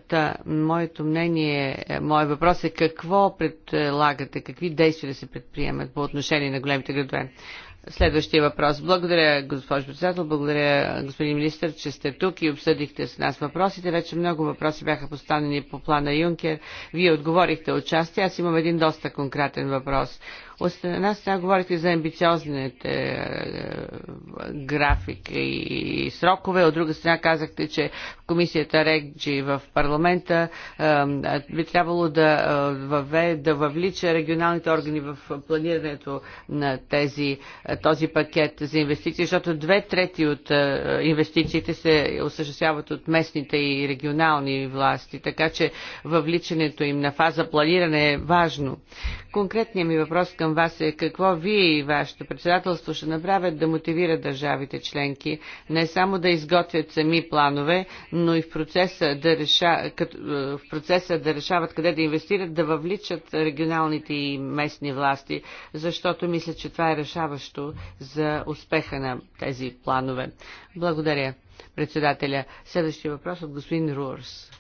Та, моето мнение, е, моят въпрос е какво предлагате, какви действия да се предприемат по отношение на големите градове. Следващия въпрос. Благодаря, госпожо председател, благодаря, господин министр, че сте тук и обсъдихте с нас въпросите. Вече много въпроси бяха поставени по плана Юнкер. Вие отговорихте от части. Аз имам един доста конкретен въпрос. От страна сега говорите за амбициозните е, графики и срокове, от друга страна казахте, че в комисията Реджи в парламента е, е, би трябвало да, въве, да въвлича регионалните органи в планирането на тези, този пакет за инвестиции, защото две трети от инвестициите се осъществяват от местните и регионални власти, така че въвличането им на фаза планиране е важно. Конкретният ми въпрос към към вас е какво вие и вашето председателство ще направят да мотивират държавите членки не само да изготвят сами планове, но и в процеса да, реша, като, е, в процеса да решават къде да инвестират, да въвличат регионалните и местни власти, защото мисля, че това е решаващо за успеха на тези планове. Благодаря, председателя. Следващия въпрос от господин Руърс.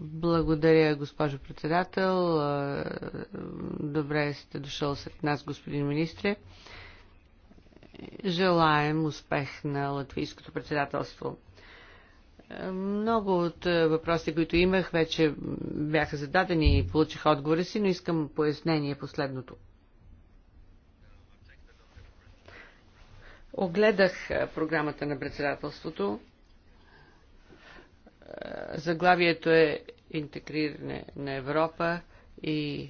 Благодаря, госпожо председател. Добре сте дошъл сред нас, господин министре. Желаем успех на латвийското председателство. Много от въпросите, които имах, вече бяха зададени и получих отговори си, но искам пояснение последното. Огледах програмата на председателството Заглавието е Интегриране на Европа и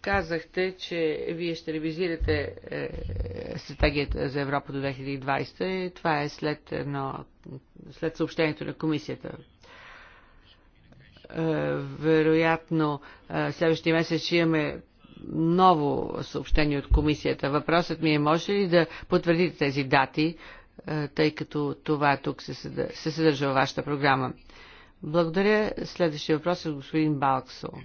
казахте, че вие ще ревизирате е, стратегията за Европа до 2020. Това е след, едно, след съобщението на комисията. Е, вероятно, е, следващия месец ще имаме ново съобщение от комисията. Въпросът ми е, може ли да потвърдите тези дати, тъй като това тук се, се съдържа във вашата програма. Благодаря. Следващия въпрос е господин Балксон.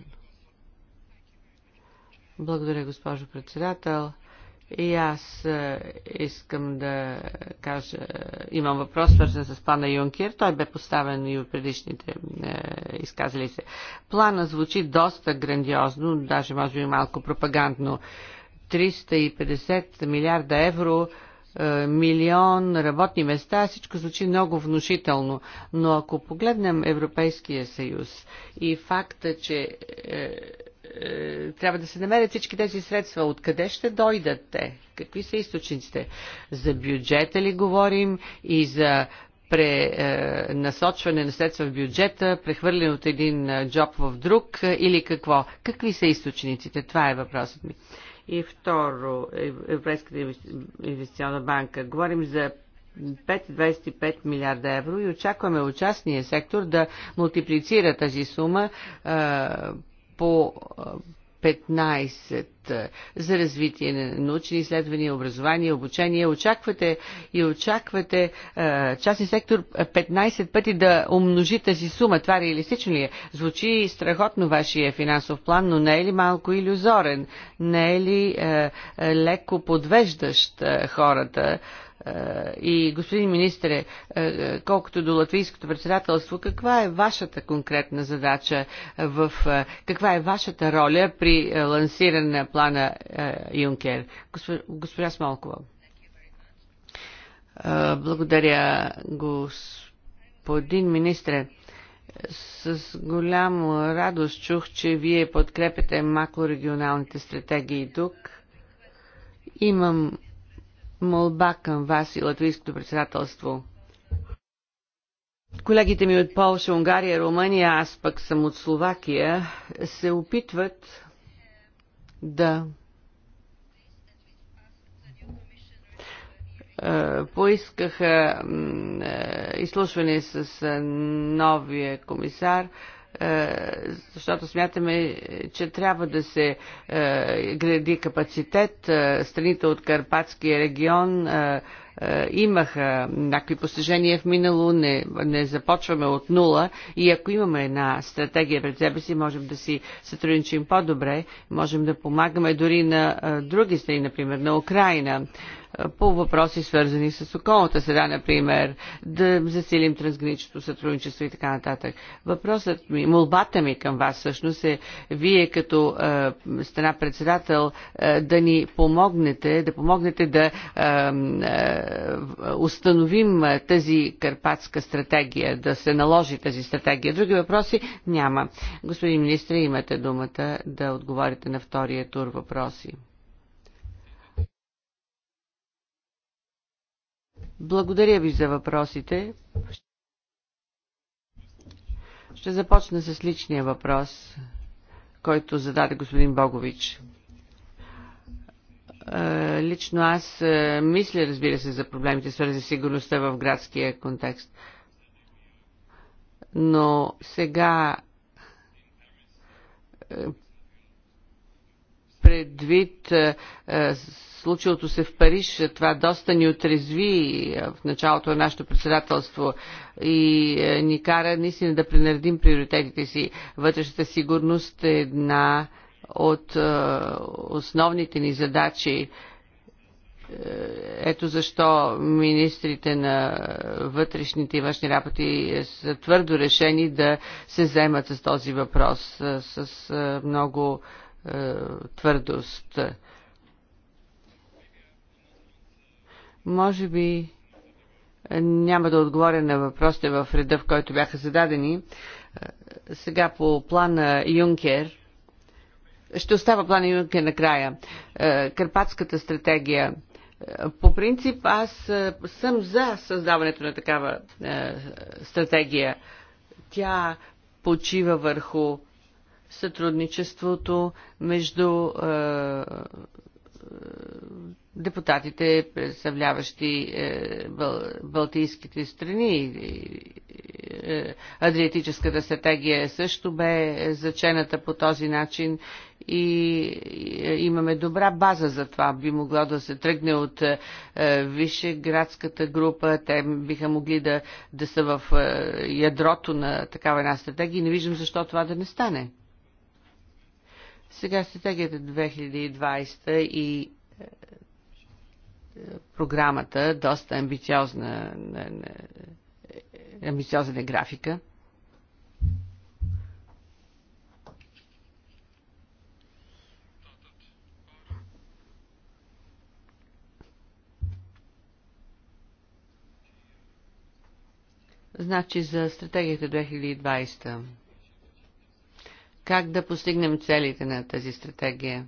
Благодаря, госпожо председател. И аз искам да кажа, имам въпрос, свързан с плана Юнкер. Той бе поставен и от предишните е, изказали се. Плана звучи доста грандиозно, даже може би малко пропагандно. 350 милиарда евро е, милион работни места, всичко звучи много внушително. Но ако погледнем Европейския съюз и факта, че е, е, трябва да се намерят всички тези средства, откъде ще дойдат те? Какви са източниците? За бюджета ли говорим и за пренасочване на средства в бюджета, прехвърлен от един джоб в друг или какво? Какви са източниците? Това е въпросът ми. И второ, Европейската инвестиционна банка. Говорим за 5,25 милиарда евро и очакваме участния сектор да мултиплицира тази сума а, по 15 за развитие на научни изследвания, образование, обучение. Очаквате и очаквате частни сектор 15 пъти да умножи тази сума. Това реалистично ли е? Звучи страхотно вашия финансов план, но не е ли малко иллюзорен? Не е ли е, леко подвеждащ хората? Е, и господин министре, е, колкото до латвийското председателство, каква е вашата конкретна задача в е, каква е вашата роля при лансиране на плана Юнкер? Госпожа Смолкова. Благодаря, господин министре. С голяма радост чух, че вие подкрепяте макрорегионалните стратегии тук. Имам молба към вас и латвийското председателство. Колегите ми от Полша, Унгария, Румъния, аз пък съм от Словакия, се опитват да е, поискаха е, изслушване с е, новия комисар е, защото смятаме, че трябва да се е, гради капацитет. Е, страните от Карпатския регион имаха някакви постижения в минало, не, не започваме от нула и ако имаме една стратегия пред себе си, можем да си сътрудничим по-добре, можем да помагаме дори на други страни, например на Украина по въпроси свързани с околната среда, например, да засилим трансграничното сътрудничество и така нататък. Въпросът ми, молбата ми към вас всъщност е вие като е, страна председател е, да ни помогнете, да помогнете да е, е, установим тази карпатска стратегия, да се наложи тази стратегия. Други въпроси няма. Господин министр, имате думата да отговорите на втория тур въпроси. Благодаря ви за въпросите. Ще започна с личния въпрос, който зададе господин Богович. Е, лично аз е, мисля, разбира се, за проблемите, свързани с сигурността в градския контекст. Но сега е, предвид е, е, случилото се в Париж, това доста ни отрезви е, в началото на нашето председателство и ни кара наистина да пренаредим приоритетите си. Вътрешната сигурност е една от основните ни задачи. Ето защо министрите на вътрешните и външни работи са твърдо решени да се вземат с този въпрос с много е, твърдост. Може би е, няма да отговоря на въпросите в реда, в който бяха зададени. Е, сега по плана Юнкер. Ще остава плана Юнкер накрая. Карпатската стратегия. По принцип аз съм за създаването на такава стратегия. Тя почива върху сътрудничеството между е, е, депутатите, представляващи е, Бъл, Балтийските страни. Е, Адриатическата стратегия също бе зачената по този начин и е, имаме добра база за това. Би могло да се тръгне от е, е, Вишеградската група, те биха могли да, да са в е, ядрото на такава една стратегия и не виждам защо това да не стане. Сега стратегията 2020 и е, е, програмата, доста амбициозна, е, амбициозна е графика. Значи за стратегията 2020 как да постигнем целите на тази стратегия?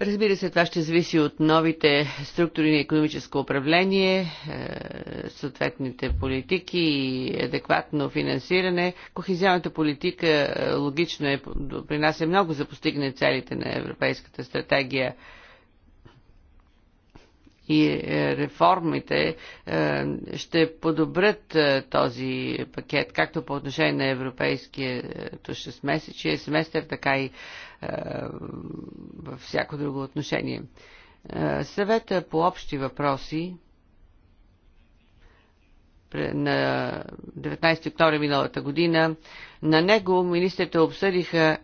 Разбира се, това ще зависи от новите структури на економическо управление, е, съответните политики и адекватно финансиране. Кохезионната политика е, логично е, принася много за постигане целите на Европейската стратегия и е, реформите е, ще подобрят е, този пакет, както по отношение на Европейския 6-месечие, семестър, така и във всяко друго отношение. Съвета по общи въпроси на 19 октомври миналата година. На него министрите обсъдиха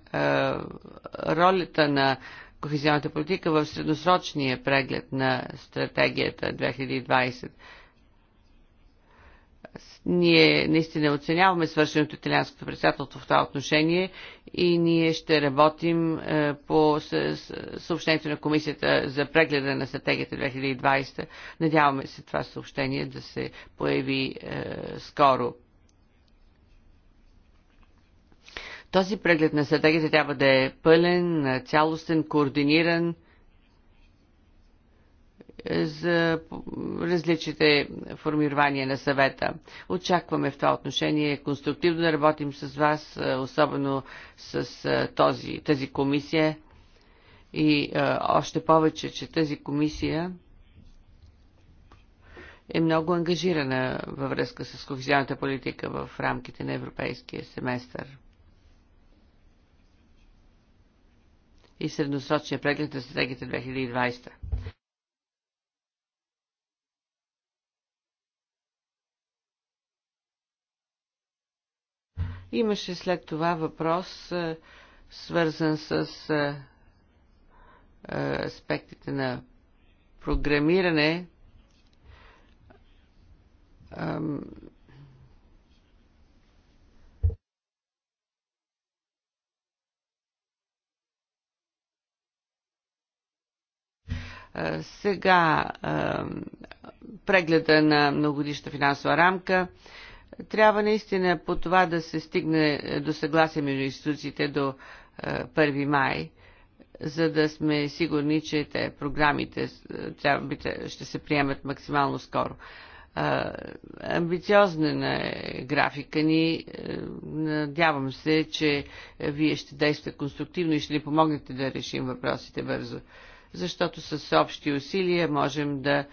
ролята на кохезионната политика в средносрочния преглед на стратегията 2020. Ние наистина оценяваме свършеното италианското председателство в това отношение и ние ще работим е, по съобщението на комисията за прегледа на стратегията 2020. Надяваме се това съобщение да се появи е, скоро. Този преглед на стратегията трябва да е пълен, цялостен, координиран е, за различните формирования на съвета. Очакваме в това отношение конструктивно да работим с вас, е, особено с е, този, тази комисия и още повече, че тази комисия е много ангажирана във връзка с кохезионната политика в рамките на европейския семестър. и средносрочния преглед на стратегията 2020. Имаше след това въпрос, е, свързан с е, е, аспектите на програмиране Сега прегледа на многодишната финансова рамка. Трябва наистина по това да се стигне е, до съгласие между институциите до 1 е, май, за да сме сигурни, че те, програмите е, трябва, ще се приемат максимално скоро амбициозна е графика ни. Надявам се, че вие ще действате конструктивно и ще ни помогнете да решим въпросите бързо защото с общи усилия можем да е,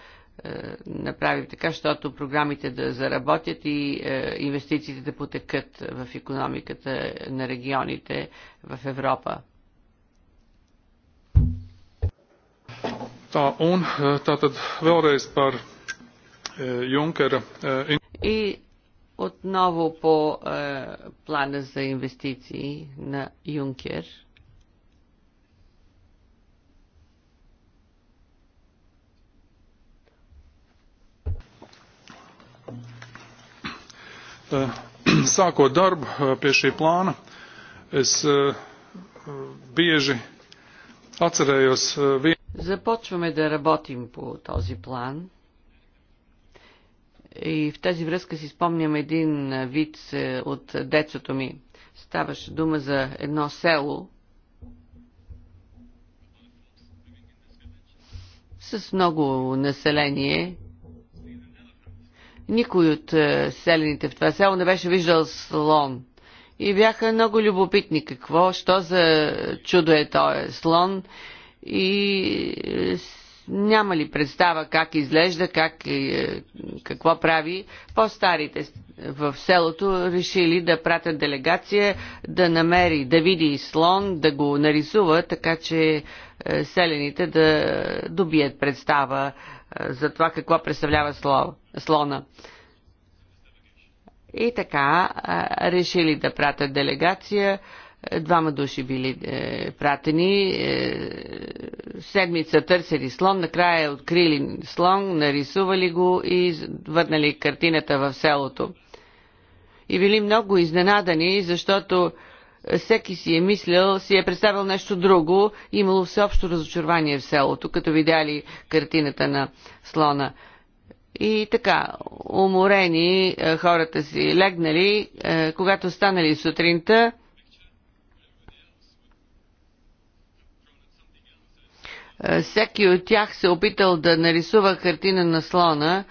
направим така, защото програмите да заработят и е, инвестициите да потекат в економиката на регионите в Европа. Е, и отново по плана за инвестиции на Юнкер. Sākot darbu pie šī plāna, es bieži atcerējos vienu. Започваме да работим по този план. И в тази връзка си спомням един вид е, от децото ми. Ставаше дума за едно село с много население, никой от е, селените в това село не беше виждал слон. И бяха много любопитни какво, що за чудо е този слон и е, няма ли представа как изглежда, как, е, какво прави. По-старите в селото решили да пратят делегация да намери, да види слон, да го нарисува, така че селените да добият представа за това какво представлява слона. И така, решили да пратят делегация. Двама души били е, пратени. Е, седмица търсили слон, накрая открили слон, нарисували го и върнали картината в селото. И били много изненадани, защото всеки си е мислил, си е представил нещо друго, имало всеобщо разочарование в селото, като видяли картината на слона. И така, уморени е, хората си легнали, е, когато станали сутринта, е, всеки от тях се опитал да нарисува картина на слона,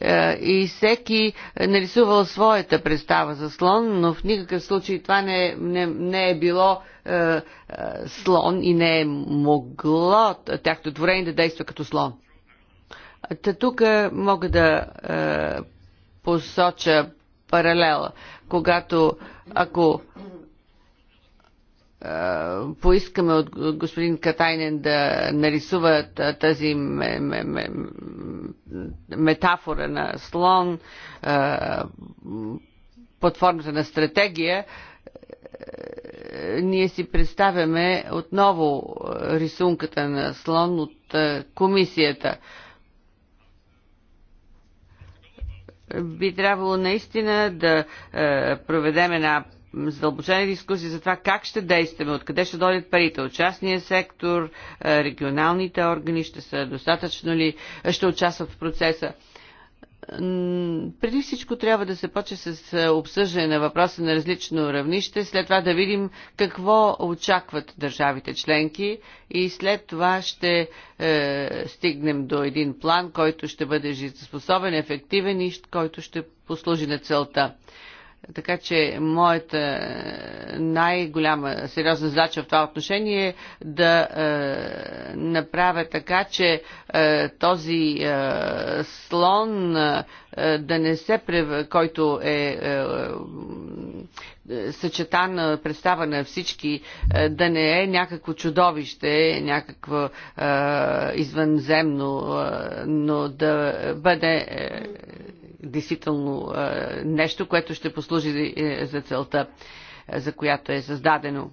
е, и всеки е нарисувал своята представа за слон, но в никакъв случай това не, не, не е било е, е слон и не е могло тяхто творение да действа като слон. Та тук мога да е, посоча паралела, когато ако поискаме от господин Катайнен да нарисува тази метафора на слон под формата на стратегия, ние си представяме отново рисунката на слон от комисията. Би трябвало наистина да проведем една задълбочени дискусии за това как ще действаме, откъде ще дойдат парите от частния сектор, е, регионалните органи, ще са достатъчно ли, е, ще участват в процеса. Преди всичко трябва да се почне с е, обсъждане на въпроса на различно равнище, след това да видим какво очакват държавите членки и след това ще е, стигнем до един план, който ще бъде жизнеспособен, ефективен и който ще послужи на целта. Така че моята най-голяма сериозна задача в това отношение е да е, направя така, че е, този е, слон е, да не се, прев... който е, е, е съчетана представа на всички, е, да не е някакво чудовище, някакво е, извънземно, е, но да бъде. Е, действително е, нещо, което ще послужи е, за целта, е, за която е създадено.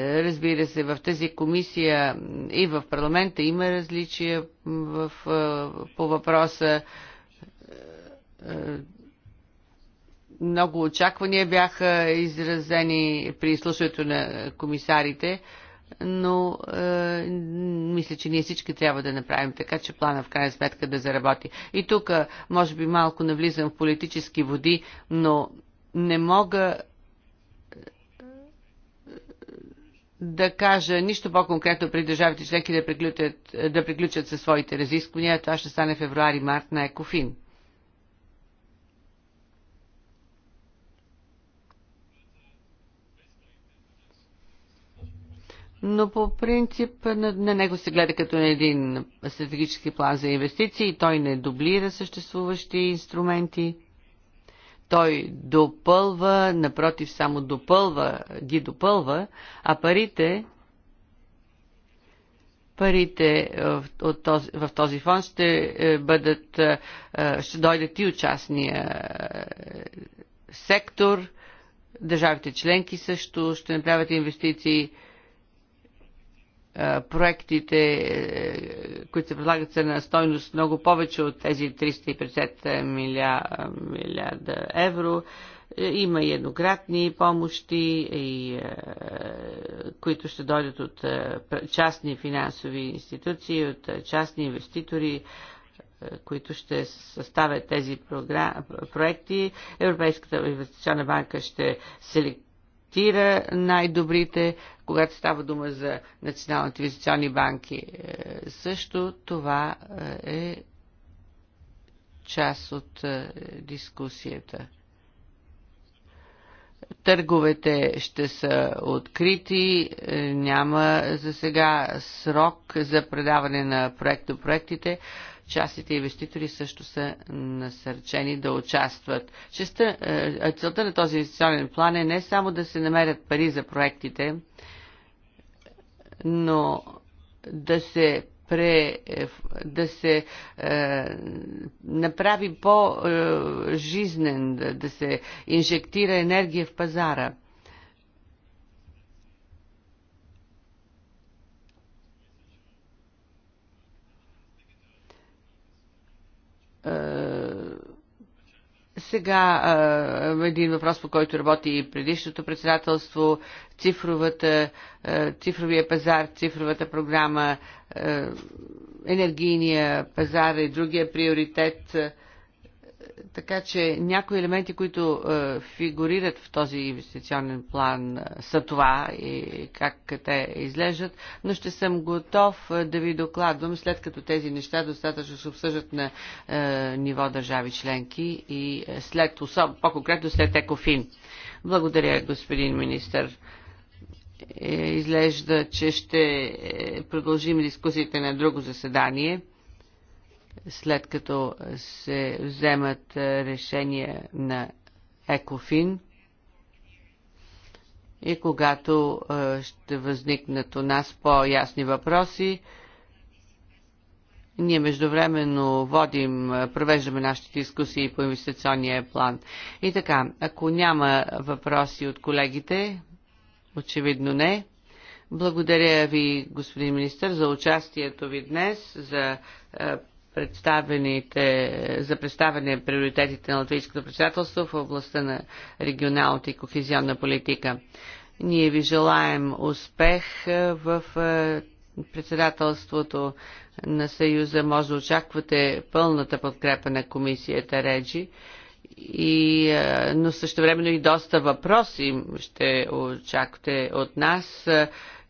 Разбира се, в тази комисия и в парламента има различия в, по въпроса. Много очаквания бяха изразени при изслушването на комисарите но е, мисля, че ние всички трябва да направим така, че плана в крайна сметка да заработи. И тук, е, може би, малко навлизам в политически води, но не мога е, да кажа нищо по-конкретно при държавите членки да приключат, да приключат със своите разисквания. Това ще стане февруари-март на Екофин. но по принцип на, на него се гледа като на един стратегически план за инвестиции. Той не дублира съществуващи инструменти. Той допълва, напротив, само допълва, ги допълва, а парите парите в е, този, в този фонд ще е, бъдат, е, ще дойдат и от частния сектор. Държавите членки също ще направят инвестиции проектите, е, които се предлагат, са на стойност много повече от тези 350 е, милиарда, милиарда евро. Е, има и еднократни помощи, и, които ще дойдат от частни финансови институции, от частни инвеститори, които ще съставят тези проекти. Европейската инвестиционна банка ще селектира гарантира най-добрите, когато става дума за националните инвестиционни банки. Е, също това е, е част от е, дискусията. Търговете ще са открити, няма за сега срок за предаване на проекто проектите частите инвеститори също са насърчени да участват. Честа, е, е, целта на този инвестиционен план е не само да се намерят пари за проектите, но да се пре, е, да се е, направи по-жизнен, да, да се инжектира енергия в пазара. Е, сега е, един въпрос, по който работи и предишното председателство, цифровата, е, цифровия пазар, цифровата програма, енергийния пазар и другия приоритет – така че някои елементи, които е, фигурират в този инвестиционен план, е, са това и как те излежат, но ще съм готов е, да ви докладвам, след като тези неща достатъчно се обсъждат на е, ниво държави членки и е, след, по-конкретно след ЕКОФИН. Благодаря, господин министър е, изглежда, че ще е, продължим дискусиите на друго заседание след като се вземат е, решения на ЕКОФИН и когато е, ще възникнат у нас по-ясни въпроси. Ние междувременно водим, е, провеждаме нашите дискусии по инвестиционния план. И така, ако няма въпроси от колегите, очевидно не. Благодаря ви, господин министр, за участието ви днес, за представените, за представяне на приоритетите на латвийското председателство в областта на регионалната и кохезионна политика. Ние ви желаем успех е, в е, председателството на Съюза. Може да очаквате пълната подкрепа на комисията Реджи и, е, но също времено и доста въпроси ще очаквате от нас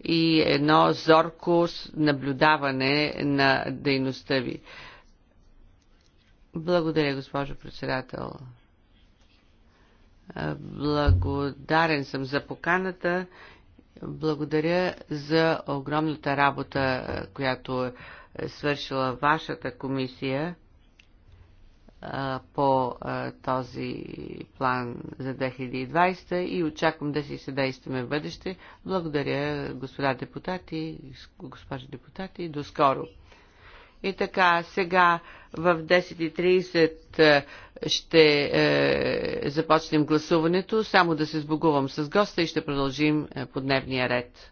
и едно зорко наблюдаване на дейността ви. Благодаря, госпожо председател. Благодарен съм за поканата. Благодаря за огромната работа, която е свършила вашата комисия по този план за 2020 и очаквам да си съдействаме в бъдеще. Благодаря, господа депутати, госпожи депутати. До скоро! И така, сега в 10.30 е, ще е, започнем гласуването. Само да се сбогувам с госта и ще продължим е, по дневния ред.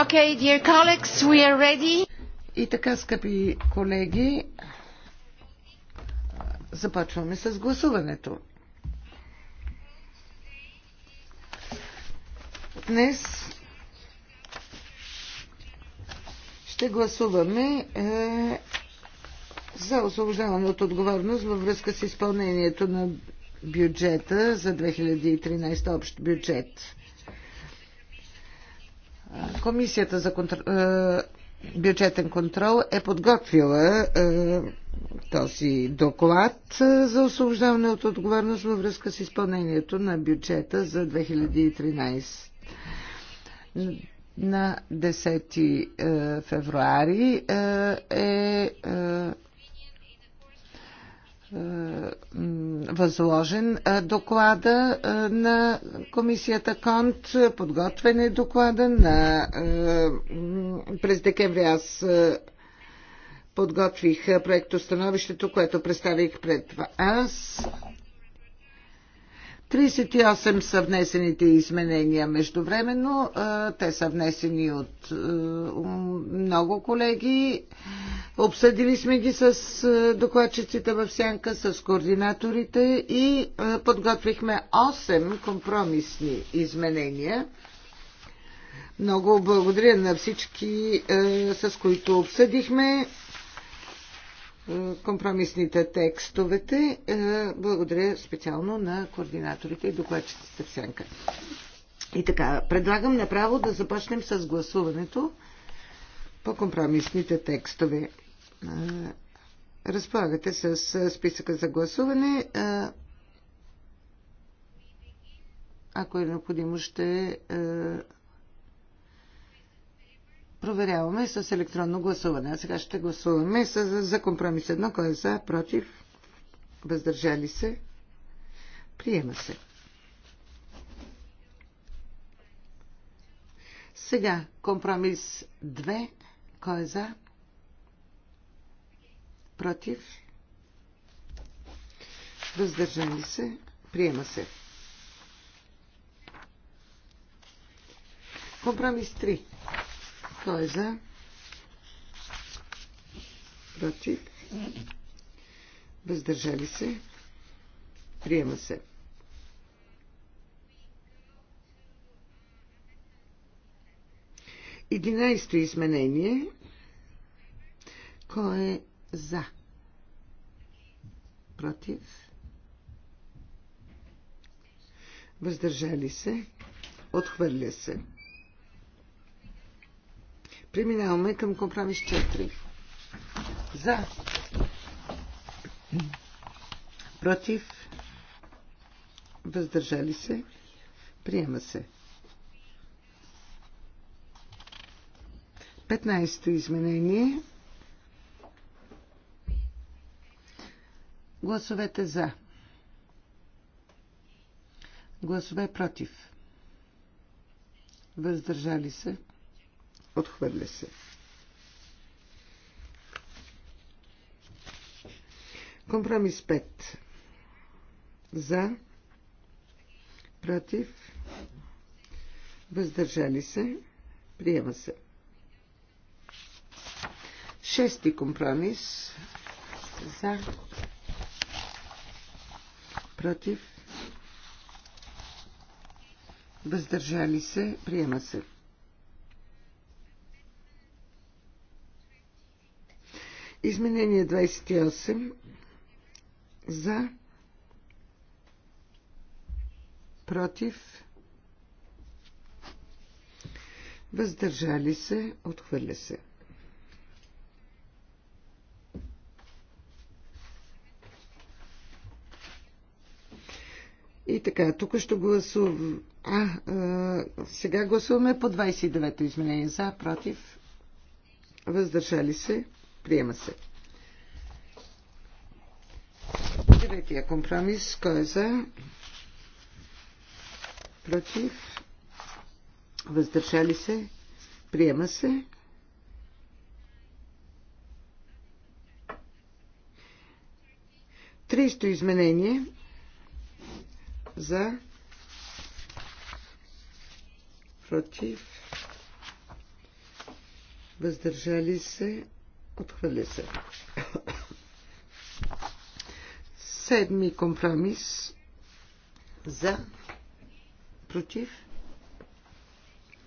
Okay, dear colleagues, we are ready. И така, скъпи колеги, започваме с гласуването. Днес ще гласуваме е, за освобождаване от отговорност във връзка с изпълнението на бюджета за 2013 общ бюджет. Комисията за контр... Е, бюджетен контрол е подготвила е, този доклад за освобождаване от отговорност във връзка с изпълнението на бюджета за 2013 на 10 е, февруари е възложен доклада на комисията Конт подготвяне доклада на... Е, през декември аз е, подготвих е, проектостановището, което представих пред вас. 38 са внесените изменения междувременно. Те са внесени от много колеги. Обсъдили сме ги с докладчиците в сянка, с координаторите и подготвихме 8 компромисни изменения. Много благодаря на всички, с които обсъдихме компромисните текстовете. Е, благодаря специално на координаторите и докладчиците в Сянка. И така, предлагам направо да започнем с гласуването по компромисните текстове. Е, разполагате с списъка за гласуване. Е, ако е необходимо, ще проверяваме с електронно гласуване. А сега ще гласуваме с, за компромис едно, кой е за, против, въздържали се, приема се. Сега компромис 2, кой е за, против, въздържали се, приема се. Компромис 3. Кой е за? Против. Въздържали се. Приема се. Единайсто изменение. Кой е за? Против. Въздържали се. Отхвърля се. Преминаваме към компромис 4. За. Против. Въздържали се. Приема се. 15-то изменение. Гласовете за. Гласове против. Въздържали се. Отхвърля се. Компромис 5. За. Против. Въздържали се. Приема се. Шести компромис. За. Против. Въздържали се. Приема се. Изменение 28 за против въздържали се, отхвърля се. И така, тук ще гласувам. А, а, сега гласуваме по 29-то изменение. За, против, въздържали се, Приема се. Деветия компромис. Кой е за? Против? Въздържали се? Приема се. Тристо изменение за против въздържали се Отхвърля се. Седми компромис за, против,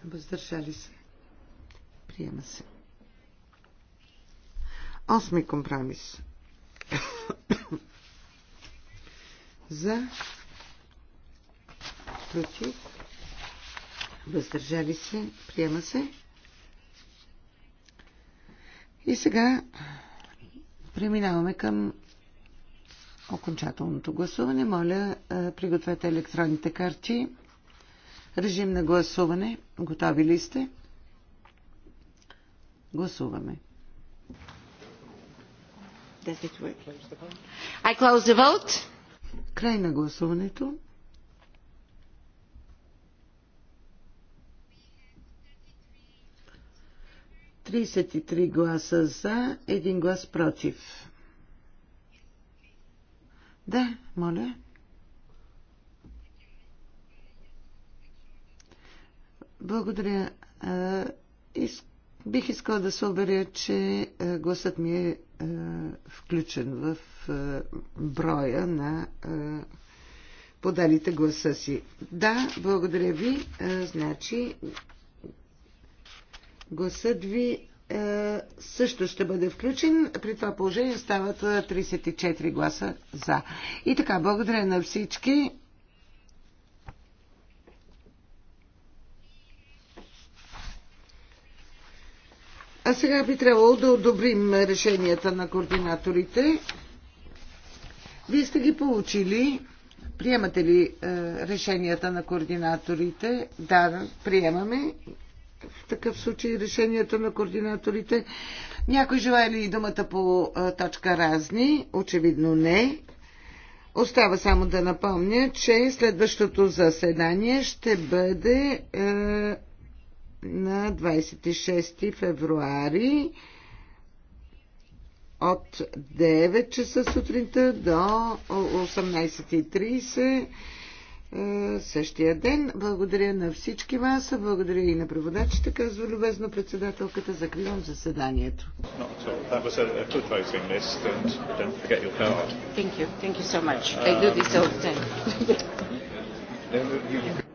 въздържали се. Приема се. Осми компромис. за, против, въздържали се. Приема се. И сега преминаваме към окончателното гласуване. Моля, е, пригответе електронните карти. Режим на гласуване. Готови ли сте? Гласуваме. I close the vote. Край на гласуването. 33 гласа за, 1 глас против. Да, моля. Благодаря. Бих искала да се уверя, че гласът ми е включен в броя на подалите гласа си. Да, благодаря ви. Значи Гласът ви е, също ще бъде включен. При това положение стават 34 е, гласа за. И така, благодаря на всички. А сега би трябвало да одобрим решенията на координаторите. Вие сте ги получили. Приемате ли е, решенията на координаторите? Да, приемаме в такъв случай решението на координаторите. Някой желая ли думата по точка разни? Очевидно не. Остава само да напомня, че следващото заседание ще бъде е, на 26 февруари от 9 часа сутринта до 18.30 е, същия ден. Благодаря на всички вас, а благодаря и на преводачите, казва любезно председателката. Закривам заседанието. Thank you. Thank you so much. Um, I do this all the time.